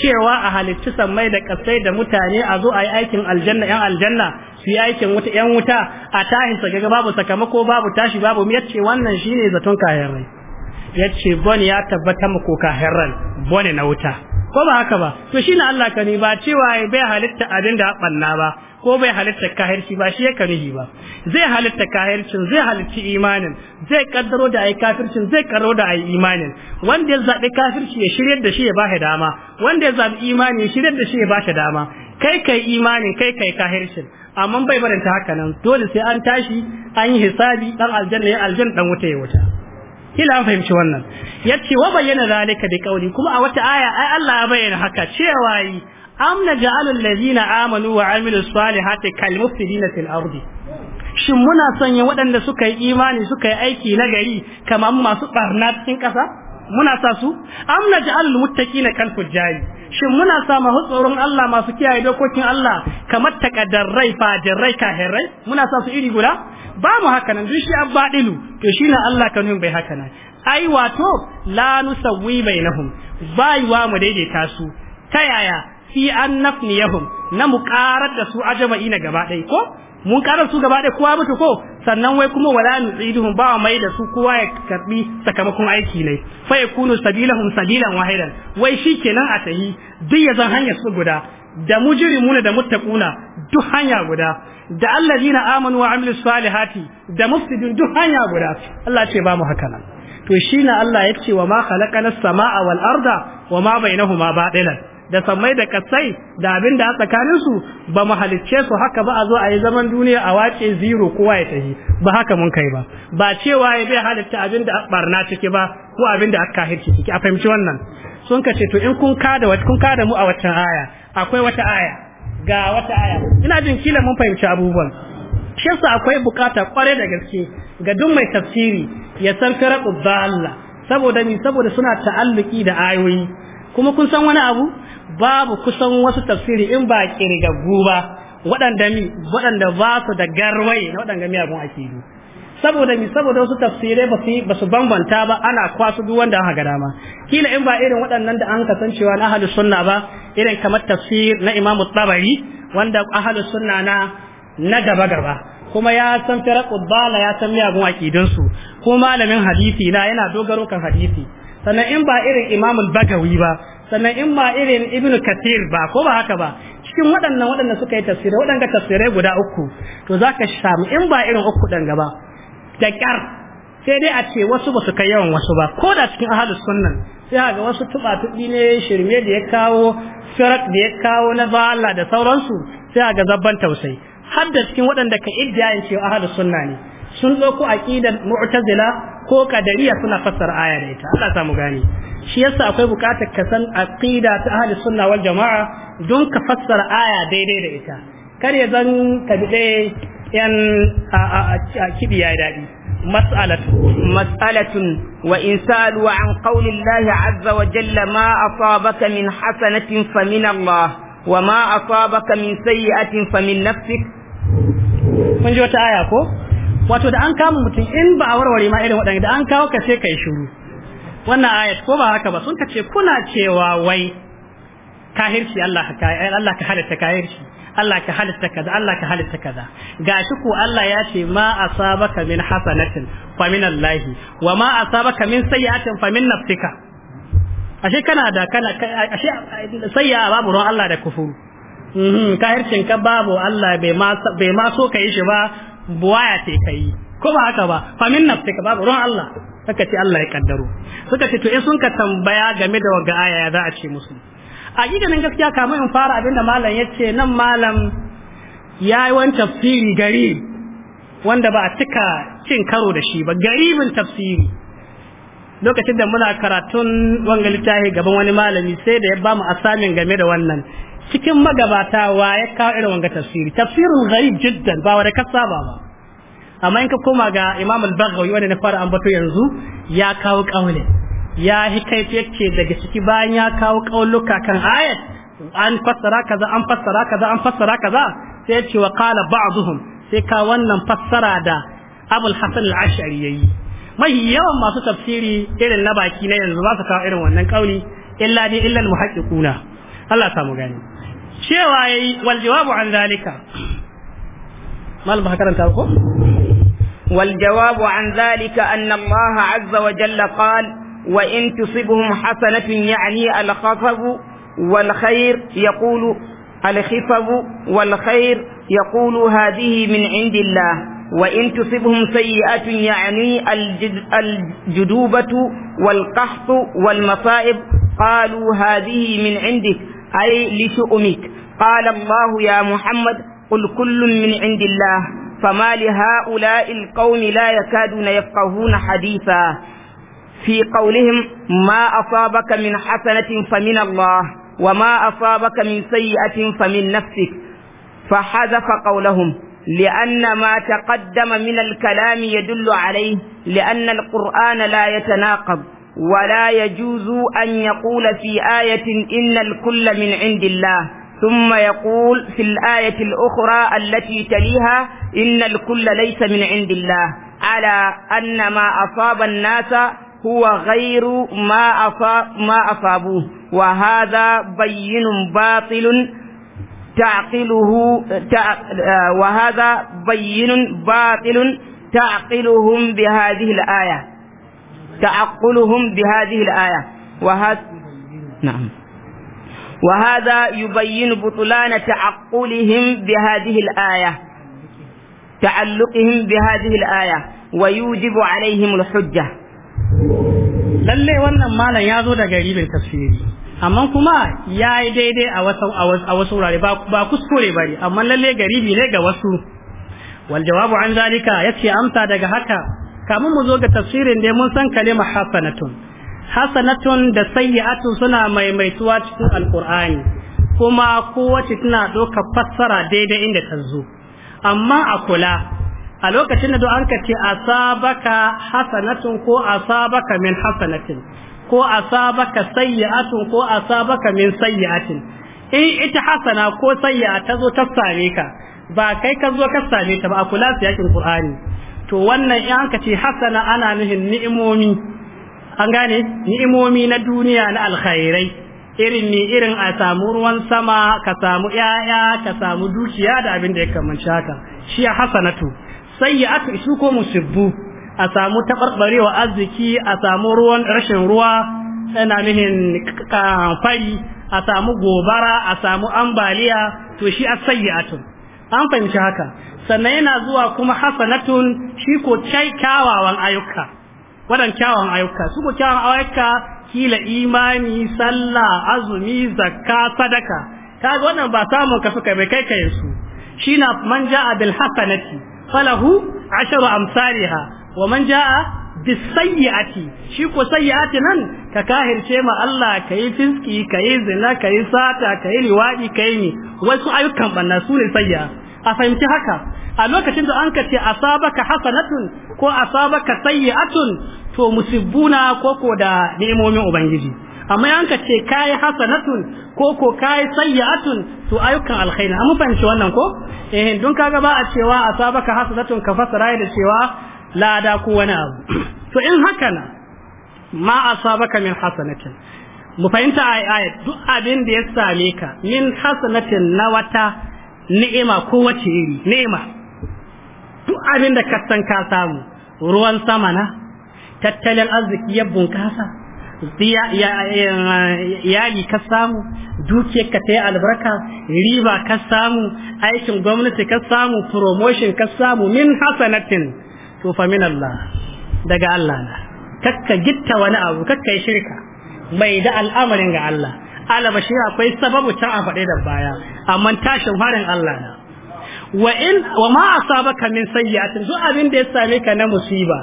cewa a halittu sammai da kasai da mutane a zo a yi aikin aljanna yan aljanna su yi aikin wuta yan wuta a tahin sa gaga babu sakamako babu tashi babu mu ce wannan shine zaton kahirai yace bone ya tabbata muku rai bone na wuta ko ba haka ba to shine Allah ka ne ba cewa bai halitta abin da banna ba ko bai halitta kahirci ba shi ya karihi ba zai halitta kahircin zai halitta imanin zai kaddaro da ai kafircin zai karo da ai imanin wanda ya zabi kafirci ya shirye da shi ya shi dama wanda ya zabi imani ya shirye da shi ya shi dama kai kai imanin kai kai kahircin amma bai barinta haka nan dole sai an tashi an yi hisabi dan aljanna ya aljan dan wuta ya wuta kila an fahimci wannan yace wa bayyana zalika bi qawli kuma a wata aya ai Allah ya bayyana haka cewa yi am naj'alul amanu wa amilus salihati kal mufsidina fil ardi shin muna sanya waɗanda suka yi imani suka yi aiki na gari kamar masu barna cikin ƙasa muna sa su am naj'alul na kan fujjari shin muna sa masu tsoron Allah masu kiyaye dokokin Allah kamar takaddarrai rai kahirrai muna sa su iri guda ba mu haka nan duk abbadilu to na Allah yin bai haka nan ai wato la nusawwi bainahum bai wa mu daidaita su ta yaya fi an nafniyahum na mu karar da su ajma'ina gaba ɗaya ko mun ƙara su gaba da kowa mutu ko sannan wai kuma wala nuziduhum ba mai da su kowa ya karbi sakamakon aiki ne fa yakunu sabilahum sabilan wahidan wai shikenan a tahi duk ya zan hanyar su guda da muna da muttaquna duk hanya guda da dina amanu wa amilus salihati da mufsidun duk hanya guda Allah ce ba mu haka nan to shine Allah ya ce wa ma khalaqana samaa wal arda wa ma bainahuma batilan da samai da kasai da abin da a tsakanin su ba mu halicce su haka ba a zo a yi zaman duniya a wace zero kowa ya tafi ba haka mun kai ba ba cewa ya bai halitta abin da barna ciki ba ko abin da aka hirci ciki a fahimci wannan sun ka ce to in kun kada kun kada mu a waccan aya akwai wata aya ga wata aya ina jin kila mun fahimci abubuwan shi akwai bukata kware da gaske ga duk mai tafsiri ya san firaqu dalla saboda ni saboda suna ta'alluki da ayoyi kuma kun san wani abu babu kusan wasu tafsiri in ba kirgaggu ba waɗanda mi waɗanda ba su da garwaye na waɗanda miyagun yi saboda mi saboda wasu tafsirai ba su ba su bambanta ba ana kwasu duk wanda aka ga dama kila in ba irin waɗannan da an kasancewa na ahlus sunna ba irin kamar tafsir na Imam Tabari wanda ahlus sunna na na gaba gaba kuma ya san firaqud bala ya san miyagun akidun su ko malamin hadisi na yana dogaro kan hadisi sannan in ba irin imamul bagawi ba sannan in ba irin ibnu kathir ba ko ba haka ba cikin waɗannan waɗanda suka yi tafsirai waɗanda tafsirai guda uku to za ka samu in ba irin uku ɗan gaba da ƙyar sai dai a ce wasu ba su kai yawan wasu ba ko da cikin ahalus sunnan sai ga wasu tuba tuɓi ne shirme da ya kawo sirat da ya kawo na bala da sauransu sai ga zabban tausayi har da cikin waɗanda ka in cewa ahalus sunna ne sun ɗauko ko aqidar mu'tazila ko qadariya suna fassara aya da ita Allah samu gani shi yasa akwai bukatar ka san aqida ta ahli suna wal jamaa don ka fassara aya daidai da ita karya zan ka bi dai yan a a a kibi yayi mas'alatun wa insal wa an qawli Allah wa jalla ma asabaka min hasanatin fa min Allah wa ma asabaka min sayyi'atin fa min nafsik mun ji wata aya ko wato da an kama mutum in ba a warware ma irin waɗanda da an kawo ka sai kai shiru wannan ayat ko ba haka ba sun kace kuna cewa wai kahirci Allah ka Allah ka halitta kahirci Allah ka halitta kaza Allah ka halitta kaza gashi ko Allah ya ce ma asabaka min hasanatin fa min Allah wa ma asabaka min sayyi'atin fa min nafsika ashe kana da kana ashe sayya babu ruwan Allah da kufuru mhm, kahircin ka babu Allah bai ma bai ma so kai shi ba buwaya ce yi ko ba haka ba fa min ka babu ruwan Allah suka ce Allah ya kaddaro suka ce to in sun ka tambaya game da waga aya za a ce musu a gidanin gaskiya kamar in fara abin da malam ya ce nan malam ya yi wani tafsiri gari wanda ba a cika cin karo da shi ba garibin tafsiri lokacin da muna karatun wanga gaban wani malami sai da ya ba mu asamin game da wannan cikin magabata wa ya kawo irin wanga tafsiri tafsirul gharib jiddan ba wa ka saba ba amma in ka koma ga Imam al-Baghawi wanda na fara ambato yanzu ya kawo kaulin ya kai yake daga ciki bayan ya kawo kauluka kan ayat an fassara kaza an fassara kaza an fassara kaza sai ya ce wa qala ba'dhum sai ka wannan fassara da Abul Hasan al-Ash'ari yayi mai yawan masu tafsiri irin na baki na yanzu ba su kawo irin wannan kauli illa ni illa al-muhaqqiquna Allah samu gani cewa yayi wal jawabu an zalika malam والجواب عن ذلك أن الله عز وجل قال وإن تصبهم حسنة يعني الخفض والخير يقول الخفض والخير يقول هذه من عند الله وإن تصبهم سيئة يعني الجدوبة والقحط والمصائب قالوا هذه من عندك أي لشؤمك قال الله يا محمد قل كل من عند الله فما لهؤلاء القوم لا يكادون يفقهون حديثا في قولهم ما أصابك من حسنة فمن الله وما أصابك من سيئة فمن نفسك فحذف قولهم لأن ما تقدم من الكلام يدل عليه لأن القرآن لا يتناقض ولا يجوز أن يقول في آية إن الكل من عند الله ثم يقول في الآية الأخرى التي تليها إن الكل ليس من عند الله على أن ما أصاب الناس هو غير ما أصاب ما أصابوه وهذا بين باطل تعقله آه، وهذا بين باطل تعقلهم بهذه الآية تعقلهم بهذه الآية وهذا نعم وهذا يبين بطلان تعقلهم بهذه الآية تعلقهم بهذه الآية ويوجب عليهم الحجة lalle wannan malam ya zo daga ribin tafsiri amma kuma ya yi daidai a wasu a wurare ba kuskure ba ne amma lalle garibi ne ga wasu wal jawabu an zalika amsa daga haka kamun mu zo ga tafsirin da mun san kalimar hasanatun hasanatun da sayyatu suna maimaituwa cikin alqur'ani kuma kowace tana ɗaukar fassara daidai inda ta zo amma a kula a lokacin da do an ka ce asabaka hasanatun ko asabaka min hasanatin ko asabaka sayyi'atun ko asabaka min sayyatin in ita hasana ko sayyi'a ta zo ta same ka ba kai ka zo ka same ta ba a kula su yakin qur'ani to wannan in an ce hasana ana nuhin ni'imomi an gane ni'imomi na duniya na alkhairai irin ni irin a samu ruwan sama ka samu 'ya'ya ka samu dukiya da abin da ya kamanci haka shi hasanatu sayyi'atu su ko musibbu a samu tabarbarewa arziki a samu ruwan rashin ruwa ana nuhin fari a samu gobara a samu ambaliya to shi as an fahimci haka sannan yana zuwa kuma hasanatun shi ko kyawawan ayyuka wadan kyawawan ayyuka su ko kyawawan ayyuka kila imani sallah azumi zakka sadaka kaga wannan ba samun ka suka bai kai kai su shine man jaa bil hasanati falahu asharu amsalha wa man jaa bisayyati shi ko sayyati nan ka kahirce ma Allah kai fiski kai zina kai sata kai liwadi kai ni wasu ayyukan banna su ne a fahimci haka a lokacin da an ka ce asabaka hasanatun ko asabaka sayyi'atun to musibbuna ko da ni'imomin ubangiji amma an ka ce kai hasanatun ko ko kai sayyi'atun to ayyukan alkhairi amma fahimci wannan ko eh don kaga ba a cewa asabaka hasanatun ka fasara da cewa lada ko wani abu to in haka na ma asabaka min hasanatin mu fahimta ayat duk abin da ya same ka min hasanatin na wata ni'ima ko wace iri ni'ima duk abin da ka ka samu ruwan sama na tattalin arziki ya bunkasa iyali ka samu dukiyar ka ta yi albarka riba ka samu aikin gwamnati ka samu promotion ka samu min hasanatin to fa min Allah daga Allah na kakka gitta wani abu kakka yi shirka mai da al'amarin ga Allah alaba akwai sababu ta a da baya amma tashin harin Allah na wa in wa ma asabaka min sayyi'atin abin da ya same ka na musiba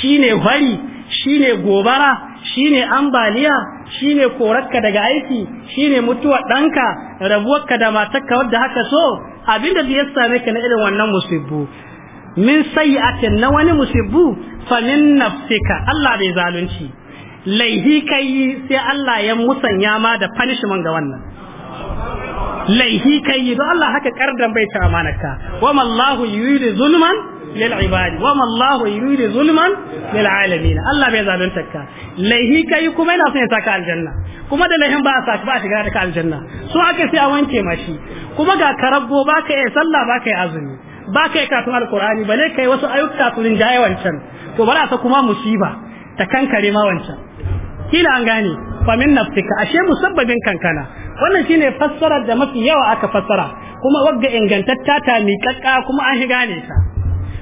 shine hari shine gobara shine ambaliya shine korarka daga aiki shine mutuwar ɗanka rabuwarka da matarka wadda haka so abin da ya same ka na irin wannan musibbu min sayyi'atin na wani musibbu fa min nafsika Allah bai zalunci laihi kai sai Allah ya musanya ma da punishment ga wannan laihi kai don Allah haka kardan bai ci amanarka wa mallahu yuridu zulman lil ibadi wa mallahu yuridu zulman lil alamin Allah bai zalunta ka laihi kai kuma yana son ya saka aljanna kuma da laihin ba a saka ba shiga da ka aljanna so aka sai a wanke mashi kuma ga karabbo ba ka yi sallah ba ka yi azumi ba ka yi ba alqur'ani ka kai wasu ayyuka su rinjaye wancan to bara ta kuma musiba ta kankare ma wancan kila an gane famin nafsika ashe musabbabin kankana wannan shine fassarar da mafi yawa aka fassara kuma wagga ingantatta ta miƙaƙƙa kuma an shi gane ta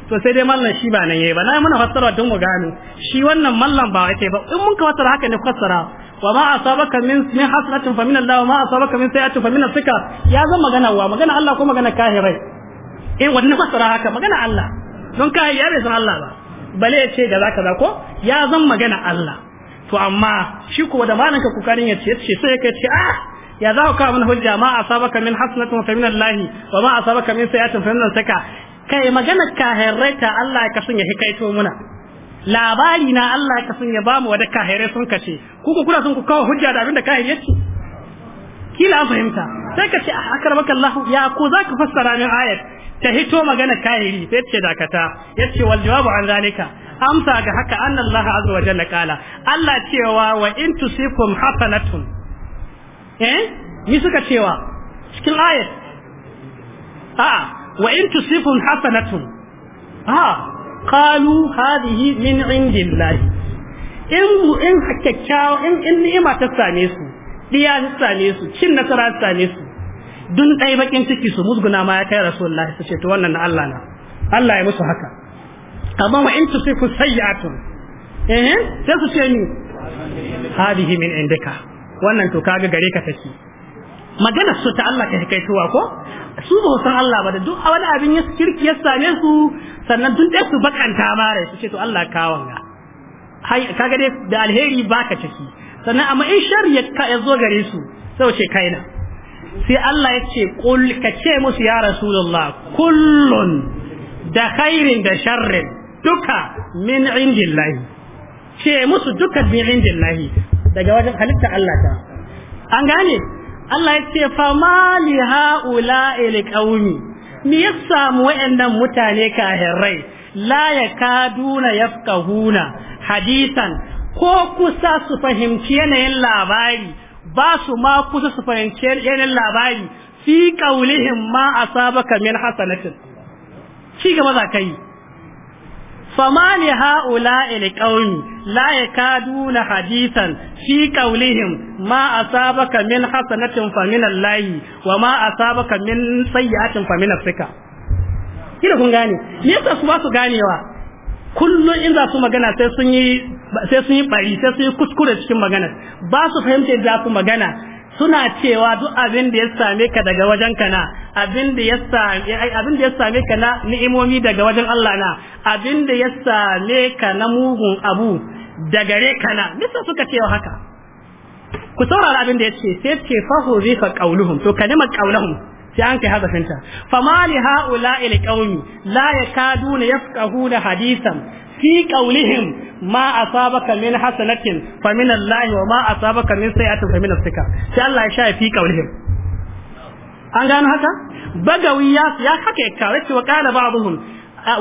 to sai dai mallan shi ba nan yayi ba na muna fassara don mu gano shi wannan mallan ba yake ba in mun ka fassara haka ne fassara wa ma asabaka min min hasratin fa min Allah wa ma asabaka min sayi'atin fa min nafsika ya zama magana wa magana Allah ko magana kahirai eh wannan fassara haka magana Allah don kai ya bai san Allah ba bale ya ce da za ka za ko ya zan magana Allah to amma shi kuwa da malanka kokarin ya ce ce sai ka ce a ah, ya za ka mana hujja ma asabaka min hasanatin fa min Allah wa ma asabaka min sayatin fa min saka kai magana ka harrata Allah ka sun ya hikaito muna labari na Allah ka sun ya bamu wada ka kahirai sun kace kuka kuna sun ku kawo hujja da abin da ka yace kila la fahimta sai ka ce ah, akarbaka Allah ya za zaka fassara min ayat ta hito magana kahiri sai ce dakata yace wal jawabu an zalika amsa ga haka anna Allah azza wa jalla kala Allah cewa wa in tusikum hasanatun eh ni suka cewa cikin ayat a wa in tusikum hasanatun ha qalu hadhihi min indillah in in kyakkyawa in ni'ima ta same su diya ta same su cin nasara ta same su dun dai bakin ciki su musguna ma ya kai rasulullah su ce to wannan na Allah na Allah ya musu haka amma wa in tusifu sayyatun eh sai su ce ni hadihi min indaka wannan to kaga gare ka take magana su ta Allah ka kai tuwa ko su ba san Allah ba da duk wani abin ya kirki ya same su sannan dun dai su bakanta ma rai su ce to Allah kawon ga kaga dai da alheri baka ciki sannan amma in shar ya zo gare su sai ce kaina sai Allah ya ce ka ce musu ya rasulullah kullun da khairin da sharrin duka min indillahi ce musu duka min indillahi daga wajen halitta Allah ta an gane Allah ya ce fa mali haula ilqaumi me ya samu wayannan mutane kahirrai la yakaduna yafqahuna hadisan ko kusa su fahimci yanayin labari ba su ma kusa su fahimci yanayin labari fi kaulihin ma a saba kamar hasanatin ci gaba za ka yi fama ne ha'ula ili kauni la ya ka duna hadisan fi kaulihin ma a saba kamar hasanatin faminan layi wa ma a saba kamar tsayyacin faminan suka ina kun gane nesa su ba su ganewa kullum in za su magana sai sun yi bari sai sun yi kuskure cikin magana ba su fahimta za su magana suna cewa duk abin da ya same ka daga wajen kana abin da ya same ka na ni'imomi daga wajen Allah na abin da ya same ka na mugun abu daga re kana nisa suka cewa haka ku saurara abin da ya ce sai ce fahuri rifa qauluhum to kalimar qauluhum sai an kai hazafinta fama li haula il qaumi la yakaduna yafqahuna hadisan fi qawlihim ma asabaka min hasanatin fa min Allah wa ma asabaka min sayi'atin fa min as-sika sai Allah ya sha fi qawlihim an gano haka bagawi ya ya haka kawo cewa kana ba'dhum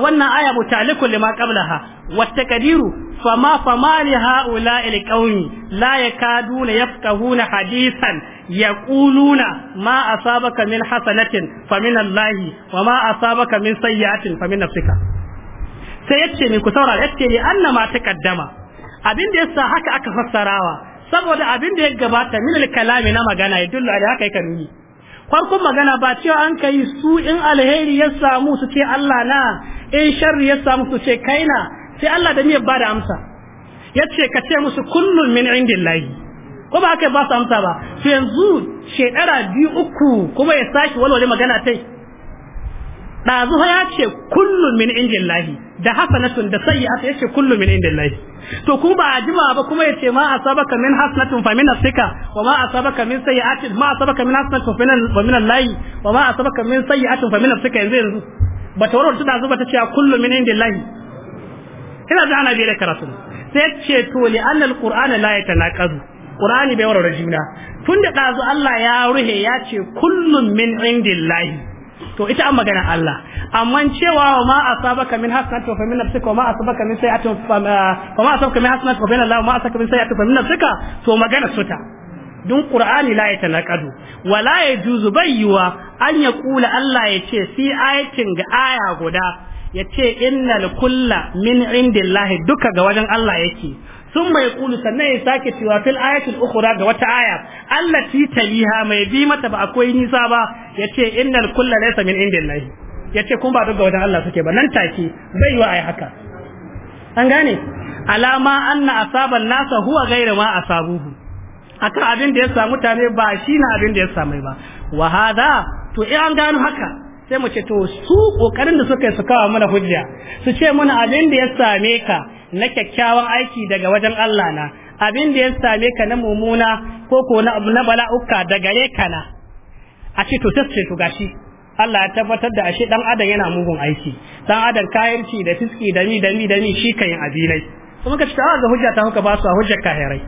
wannan aya mutalikun lima qablaha wa taqdiru fama fama li haula il qaumi la yakaduna yafqahuna hadisan yaquluna ma asabaka min hasanatin fa min Allah wa ma asabaka min sayyi'atin fa min nafsika sai yace ni ku saurara yace ni annama taqaddama abin da yasa haka aka fassarawa saboda abin da ya gabata min kalami na magana ya dullu da haka yake ni farkon magana ba cewa an kai su in alheri ya samu su ce Allah na in sharri ya samu su ce kaina sai Allah da niyyar ba da amsa yace ka ce musu kullun min indillahi ko ba haka ba su amsa ba to yanzu shekara biyu uku kuma ya sake walwale magana tai ɗazu ya ce kullum min indin lahi da hasanatun da sayi ya ce kullum min indin lahi to kuma ba a jima ba kuma ya ce ma a sabaka min hasanatun fa min asika wa ma a sabaka min sayi ata ma a sabaka min hasanatun fa min lahi wa ma a sabaka min sayi ata fa min asika yanzu yanzu ba ta warwar ɗazu ba ta ce kullum min indin lahi ina da ana biyar karatu sai ce to li annal qur'ana la yatanaqazu qur'ani bai warware juna tunda dazu Allah ya ruhe ya ce kullum min indillahi to ita an magana Allah amma cewa wa ma asabaka min hasanat wa min nafsika wa ma asabaka min sayi'at eh, wa ma asabaka min hasanat wa min Allah wa ma asabaka min sayi'at wa min nafsika to magana suta dun qur'ani la yatanaqadu wa la yajuzu bayyuwa an yaqula Allah ya ce fi ayatin ga aya guda yace innal kulla min indillahi duka ga wajen Allah yake sun mai kulu sannan ya sake cewa fil ayatul ukhra ga wata aya allati taliha mai bi mata ba akwai nisa ba yace innal kulla laysa min indillahi yace kun ba daga wajen Allah suke ba nan take bai wa ai haka an gane alama anna asaban nasa huwa ghairu ma asabuhu akan abin da ya samu mutane ba shi na abin da ya samu ba wa hada to in an gano haka sai mu ce to su kokarin da suka yi su kawo mana hujja su ce mana abin da ya same ka na kyakkyawan aiki daga wajen Allah na abin da ya same ka na mumuna ko ko na na bala'uka da gare ka na a ce to sai to gashi Allah ya tabbatar da ashe dan adam yana mugun aiki dan adam kayarci da fiski da mi da mi da mi shi kan abinai kuma ka cika ah, ga hujja ta huka ba su a hujjar kahirai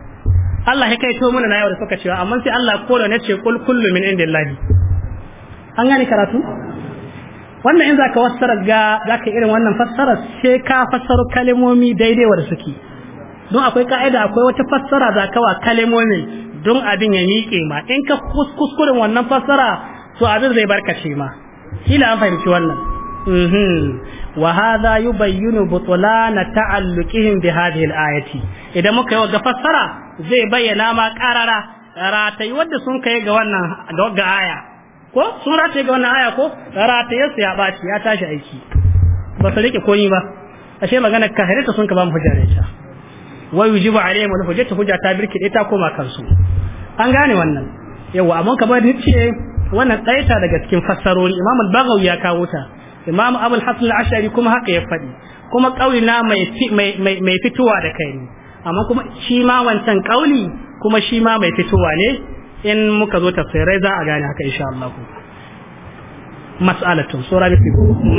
Allah ya kai to mana na yau da suka cewa amma sai Allah kore ne ce kul kullu min indillahi an gane karatu wannan in zaka fassara ga zaka irin wannan fassara sai ka fassaro kalimomi daidai wa da suke don akwai ka'ida akwai wata fassara za ka wa kalmomin don abin ya miƙe ma in ka kuskuren wannan fassara to abin zai barkace ma kila an fahimci wannan mhm. wa hadha yubayyinu butlan ta'alluqihim bi hadhihi al-ayati idan muka yi ga fassara zai bayyana ma qarara ratayi wanda sun kai ga wannan ga aya ko sun rataye ga wannan aya ko rataye su ya baci ya tashi aiki ba su rike koyi ba ashe magana kahirita sun ka ba mu hujja ta wa yujibu alaihim wal hujjatu hujja ta birki ta koma kansu an gane wannan yawa amma kamar da ce wannan tsaita daga cikin fassarori imam al-baghawi ya kawo ta imam abul hasan al-ashari kuma haka ya faɗi kuma kauli na mai mai mai fitowa da kai ne amma kuma shi ma wancan kauli kuma shi ma mai fitowa ne in muka zo tafsirai za a gane haka insha Allah mas'alatun sura bi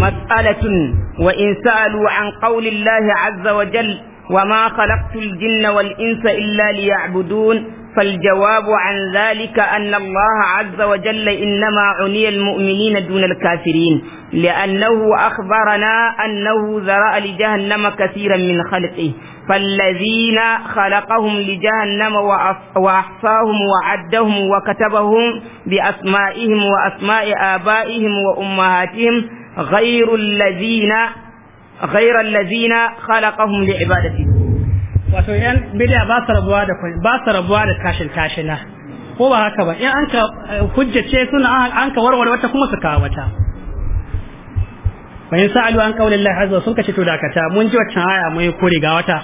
mas'alatun wa in sa'alu an qawli Allah azza wa jal wa ma khalaqtu al-jinna wal insa illa liya'budun فالجواب عن ذلك أن الله عز وجل إنما عني المؤمنين دون الكافرين لأنه أخبرنا أنه ذرأ لجهنم كثيرا من خلقه فالذين خلقهم لجهنم وأحصاهم وعدهم وكتبهم بأسمائهم وأسماء آبائهم وأمهاتهم غير الذين غير الذين خلقهم لعبادتهم wato yan bid'a ba su rabuwa da ba su rabuwa da kashin tashina ko ba haka ba in an ka eh, hujjace suna an ka warware wata kuma su kawo wata fa in sa'alu an qawli Allah azza sun kace to dakata mun ji wata aya mai kuri ga wata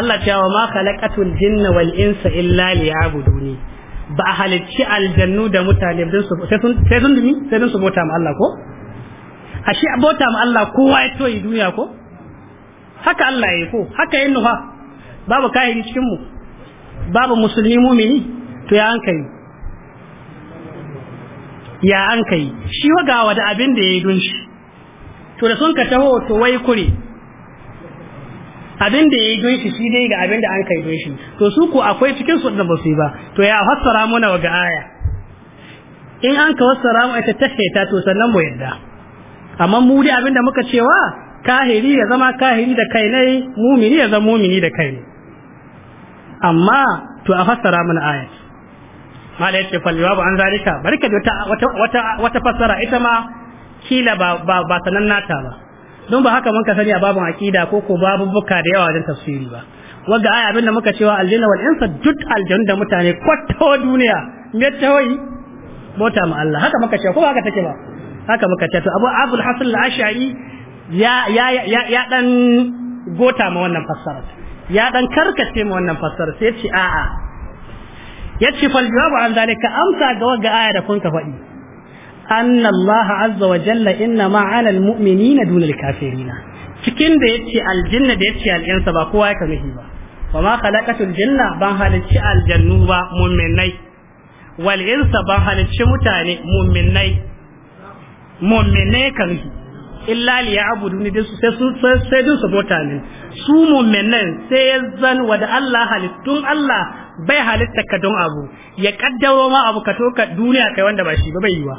Allah ta wa ma khalaqatul jinna wal insa illa liya'buduni ba halicci aljannu da mutane su sai sun sai sun dumi sai sun bota ma Allah ko ashe bota ma Allah kowa ya toyi duniya ko haka Allah ya ko haka yin nufa babu kahiri cikin mu babu musulmi mumini to ya an kai ya an kai shi waga wada abin da yi don shi to da sun ka taho to wai kure abin da yi don shi shi dai ga abin da an kai don shi to su ko akwai cikin su da ba su yi ba to ya fassara muna waga aya in an ka fassara mu ita ta ta to sannan mu yadda amma mu dai abin da muka cewa kahiri ya zama kahiri da kai ne mumini ya zama mumini da kai ne amma to a fassara mana ayat mala yace fal jawabu an zalika barka da wata wata wata fassara ita ma kila ba ba, ba sanan nata ba don ba haka mun ka sani a babun aqida ko ko babu buka da yawa don tafsiri ba wanda aya abinda muka cewa aljanna wal insa duk aljanna da mutane kwato duniya me tawai mota ma Allah haka muka cewa ko haka take ba haka muka cewa to Abu Abdul Hasan al-Ash'ari ya ɗan dan gota ma wannan fassara ya dan karkace ma wannan fassara sai ce a'a yace fal jawabu an zalika amsa ga wagga aya da kunka ka faɗi anna Allah azza wa jalla inna ma 'ala al-mu'minina dun al-kafirina cikin da yace jinna da yace insa ba kowa ya kamihi ba wa ma khalaqatul janna ban halicci aljannu ba mu'minai wal insa ban halicci mutane mu'minai mu'minai kan illa li ya'budu ni dinsu sai su sai dinsu bota ne su mu'minan sai zan wa da Allah halittun Allah bai halitta ka don abu ya kaddaro ma abu ka toka duniya kai wanda ba shi ba bai yi wa?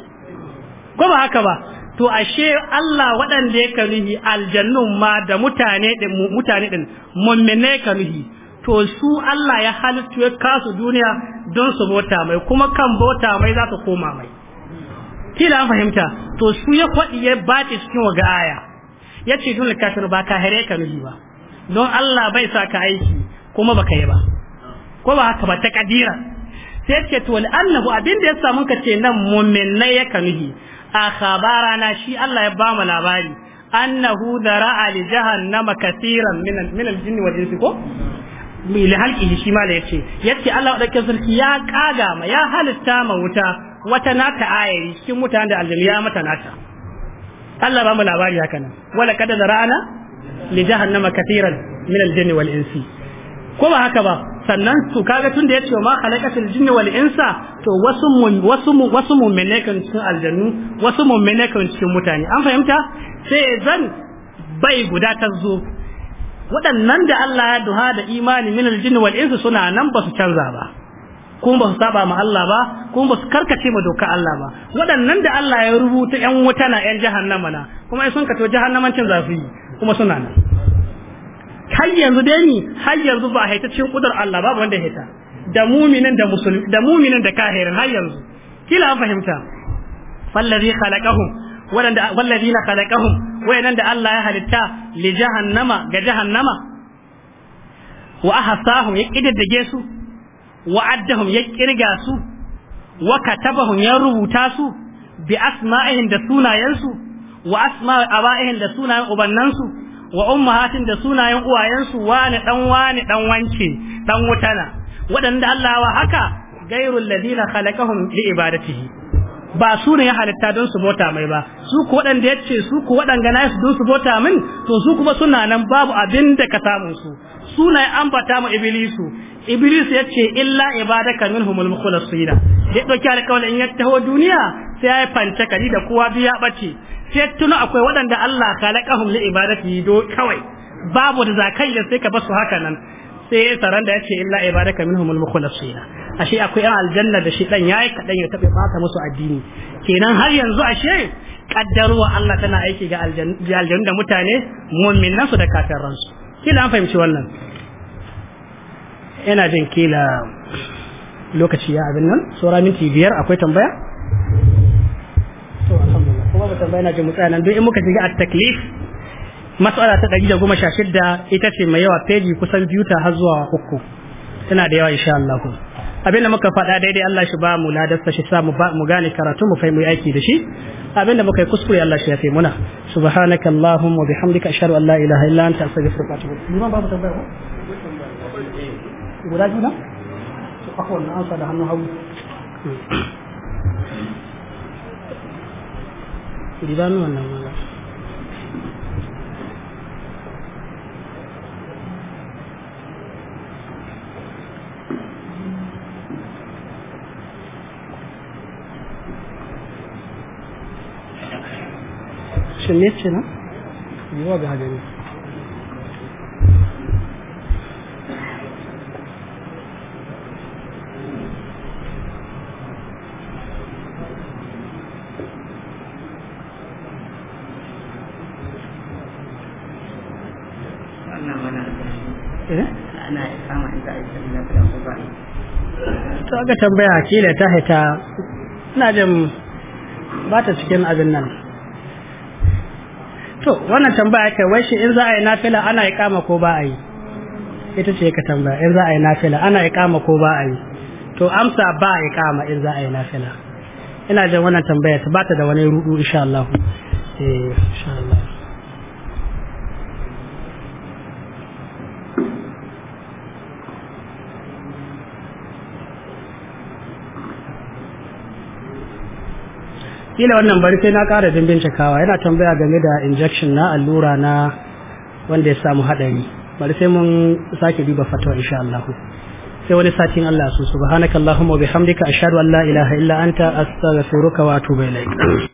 ko ba haka ba to ashe Allah waɗanda ya kanuhi aljannun ma da mutane din mutane din mu'mine kanuhi to su Allah ya halittu ya kasu duniya don su bota mai kuma kan bota mai za su koma mai kila an fahimta to su ya kwaɗi ya baki cikin waga aya ya ce tun kafir ba ka hare ka nuhi ba don Allah bai sa ka aiki kuma baka yi ba ko ba haka ba ta kadira sai ce to wal annahu abin da ya samu ka ce nan mu'minai ya nuhi. a na shi Allah ya ba mu labari annahu dara li jahannama kaseeran min min al-jinn wal insi ko li halki shi ma la yace yace Allah da sarki ya kaga ma ya halitta ma wuta wata nata ayayi cikin mutanen da aljanu ya mata nata Allah ba mu labari haka nan wala kada zarana li jahannama katiran min aljin wal insi ko ba haka ba sannan su kaga tun da yace ma khalaqatul jinn wal insa to wasu wasu wasu mu'mine cikin aljannu wasu mu'mine kan cikin mutane an fahimta sai zan bai guda ta zo waɗannan da Allah ya duha da imani min aljin wal insa suna nan ba su canza ba kuma ba su saba ma Allah ba kuma ba su karkace ma doka Allah ba waɗannan da Allah ya rubuta ƴan wuta na ƴan jahannama na kuma sun kato jahannamancin zafi kuma suna nan har yanzu dai ni har yanzu ba haita cikin kudar Allah ba wanda haita da muminin da musulmi da muminin da kafirin har yanzu kila an fahimta fallazi khalaqahum waɗanda wallazina khalaqahum wayannan da Allah ya halitta li jahannama ga jahannama wa ahsahum ya kidaddage su wa'addahum ya kirga su wa katabahum ya rubuta su bi asma'ihim da sunayensu wa asma'i aba'ihim da sunayen ubannansu wa ummahatin da sunayen uwayensu wani dan wani dan wance dan wutana waɗanda Allah wa haka gairul ladina khalaqahum li ibadatihi ba su ne ya halitta don su bota mai ba su ko wadanda ya ce su ko wadanga na su don su bota min to su kuma suna nan babu abin da ka samu su suna ya ambata mu ibilisu iblis ya ce illa ibadaka minhumul mukhlasina ya dauki alƙawarin in ya taho duniya sai ya fanta kari da kowa biya bace sai tuno akwai waɗanda Allah khalaqahum li ibadati do kawai babu da zakai da sai ka basu haka nan sai ya saran da ya ce illa ibadaka minhumul mukhlasina ashe akwai yan aljanna da shi dan yayi kadan ya tabe bata musu addini kenan har yanzu ashe kaddarwa Allah tana aiki ga aljanna da mutane mu'minansu da kafiransu kila an fahimci wannan yana jin kila lokaci ya abin nan saura minti biyar akwai tambaya to alhamdulillah kuma ba tambaya na jin mutsaya nan duk in muka shiga at taklif mas'ala ta ɗari da goma sha shidda ita ce mai yawa peji kusan biyu ta har zuwa uku tana da yawa insha Allah abinda muka faɗa daidai Allah shi ba mu ladarsa shi sa mu gane karatu mu kai fahimci aiki da shi abinda muka yi kuskure Allah shi ya fi muna subhanakallahumma bihamdika ashhadu an la ilaha illa anta astaghfiruka wa atubu ilayk guda biyu nan su kafa wannan ansa da hannun hagu ribanu wannan mala shin ne ce na yiwa ga hagari waga tambaya kila ta hita ina jin ba ta cikin abin nan to wannan tambaya kai wai shi in za a yi nafila ana iqama ko ba a yi ita ce ka tambaya in za a yi nafila ana iqama ko ba a yi to amsa ba a iqama in za a yi nafila ina jin wannan tambaya ta bata da wani rudu insha Allah eh insha Allah kila wannan bari sai na kara bin bincikawa yana tambaya game da injection na allura na wanda ya samu hadari bari sai mun sake duba fatwa insha Allah sai wani satin Allah su subhanakallahumma wa bihamdika ashhadu an la ilaha illa anta astaghfiruka wa atubu ilaik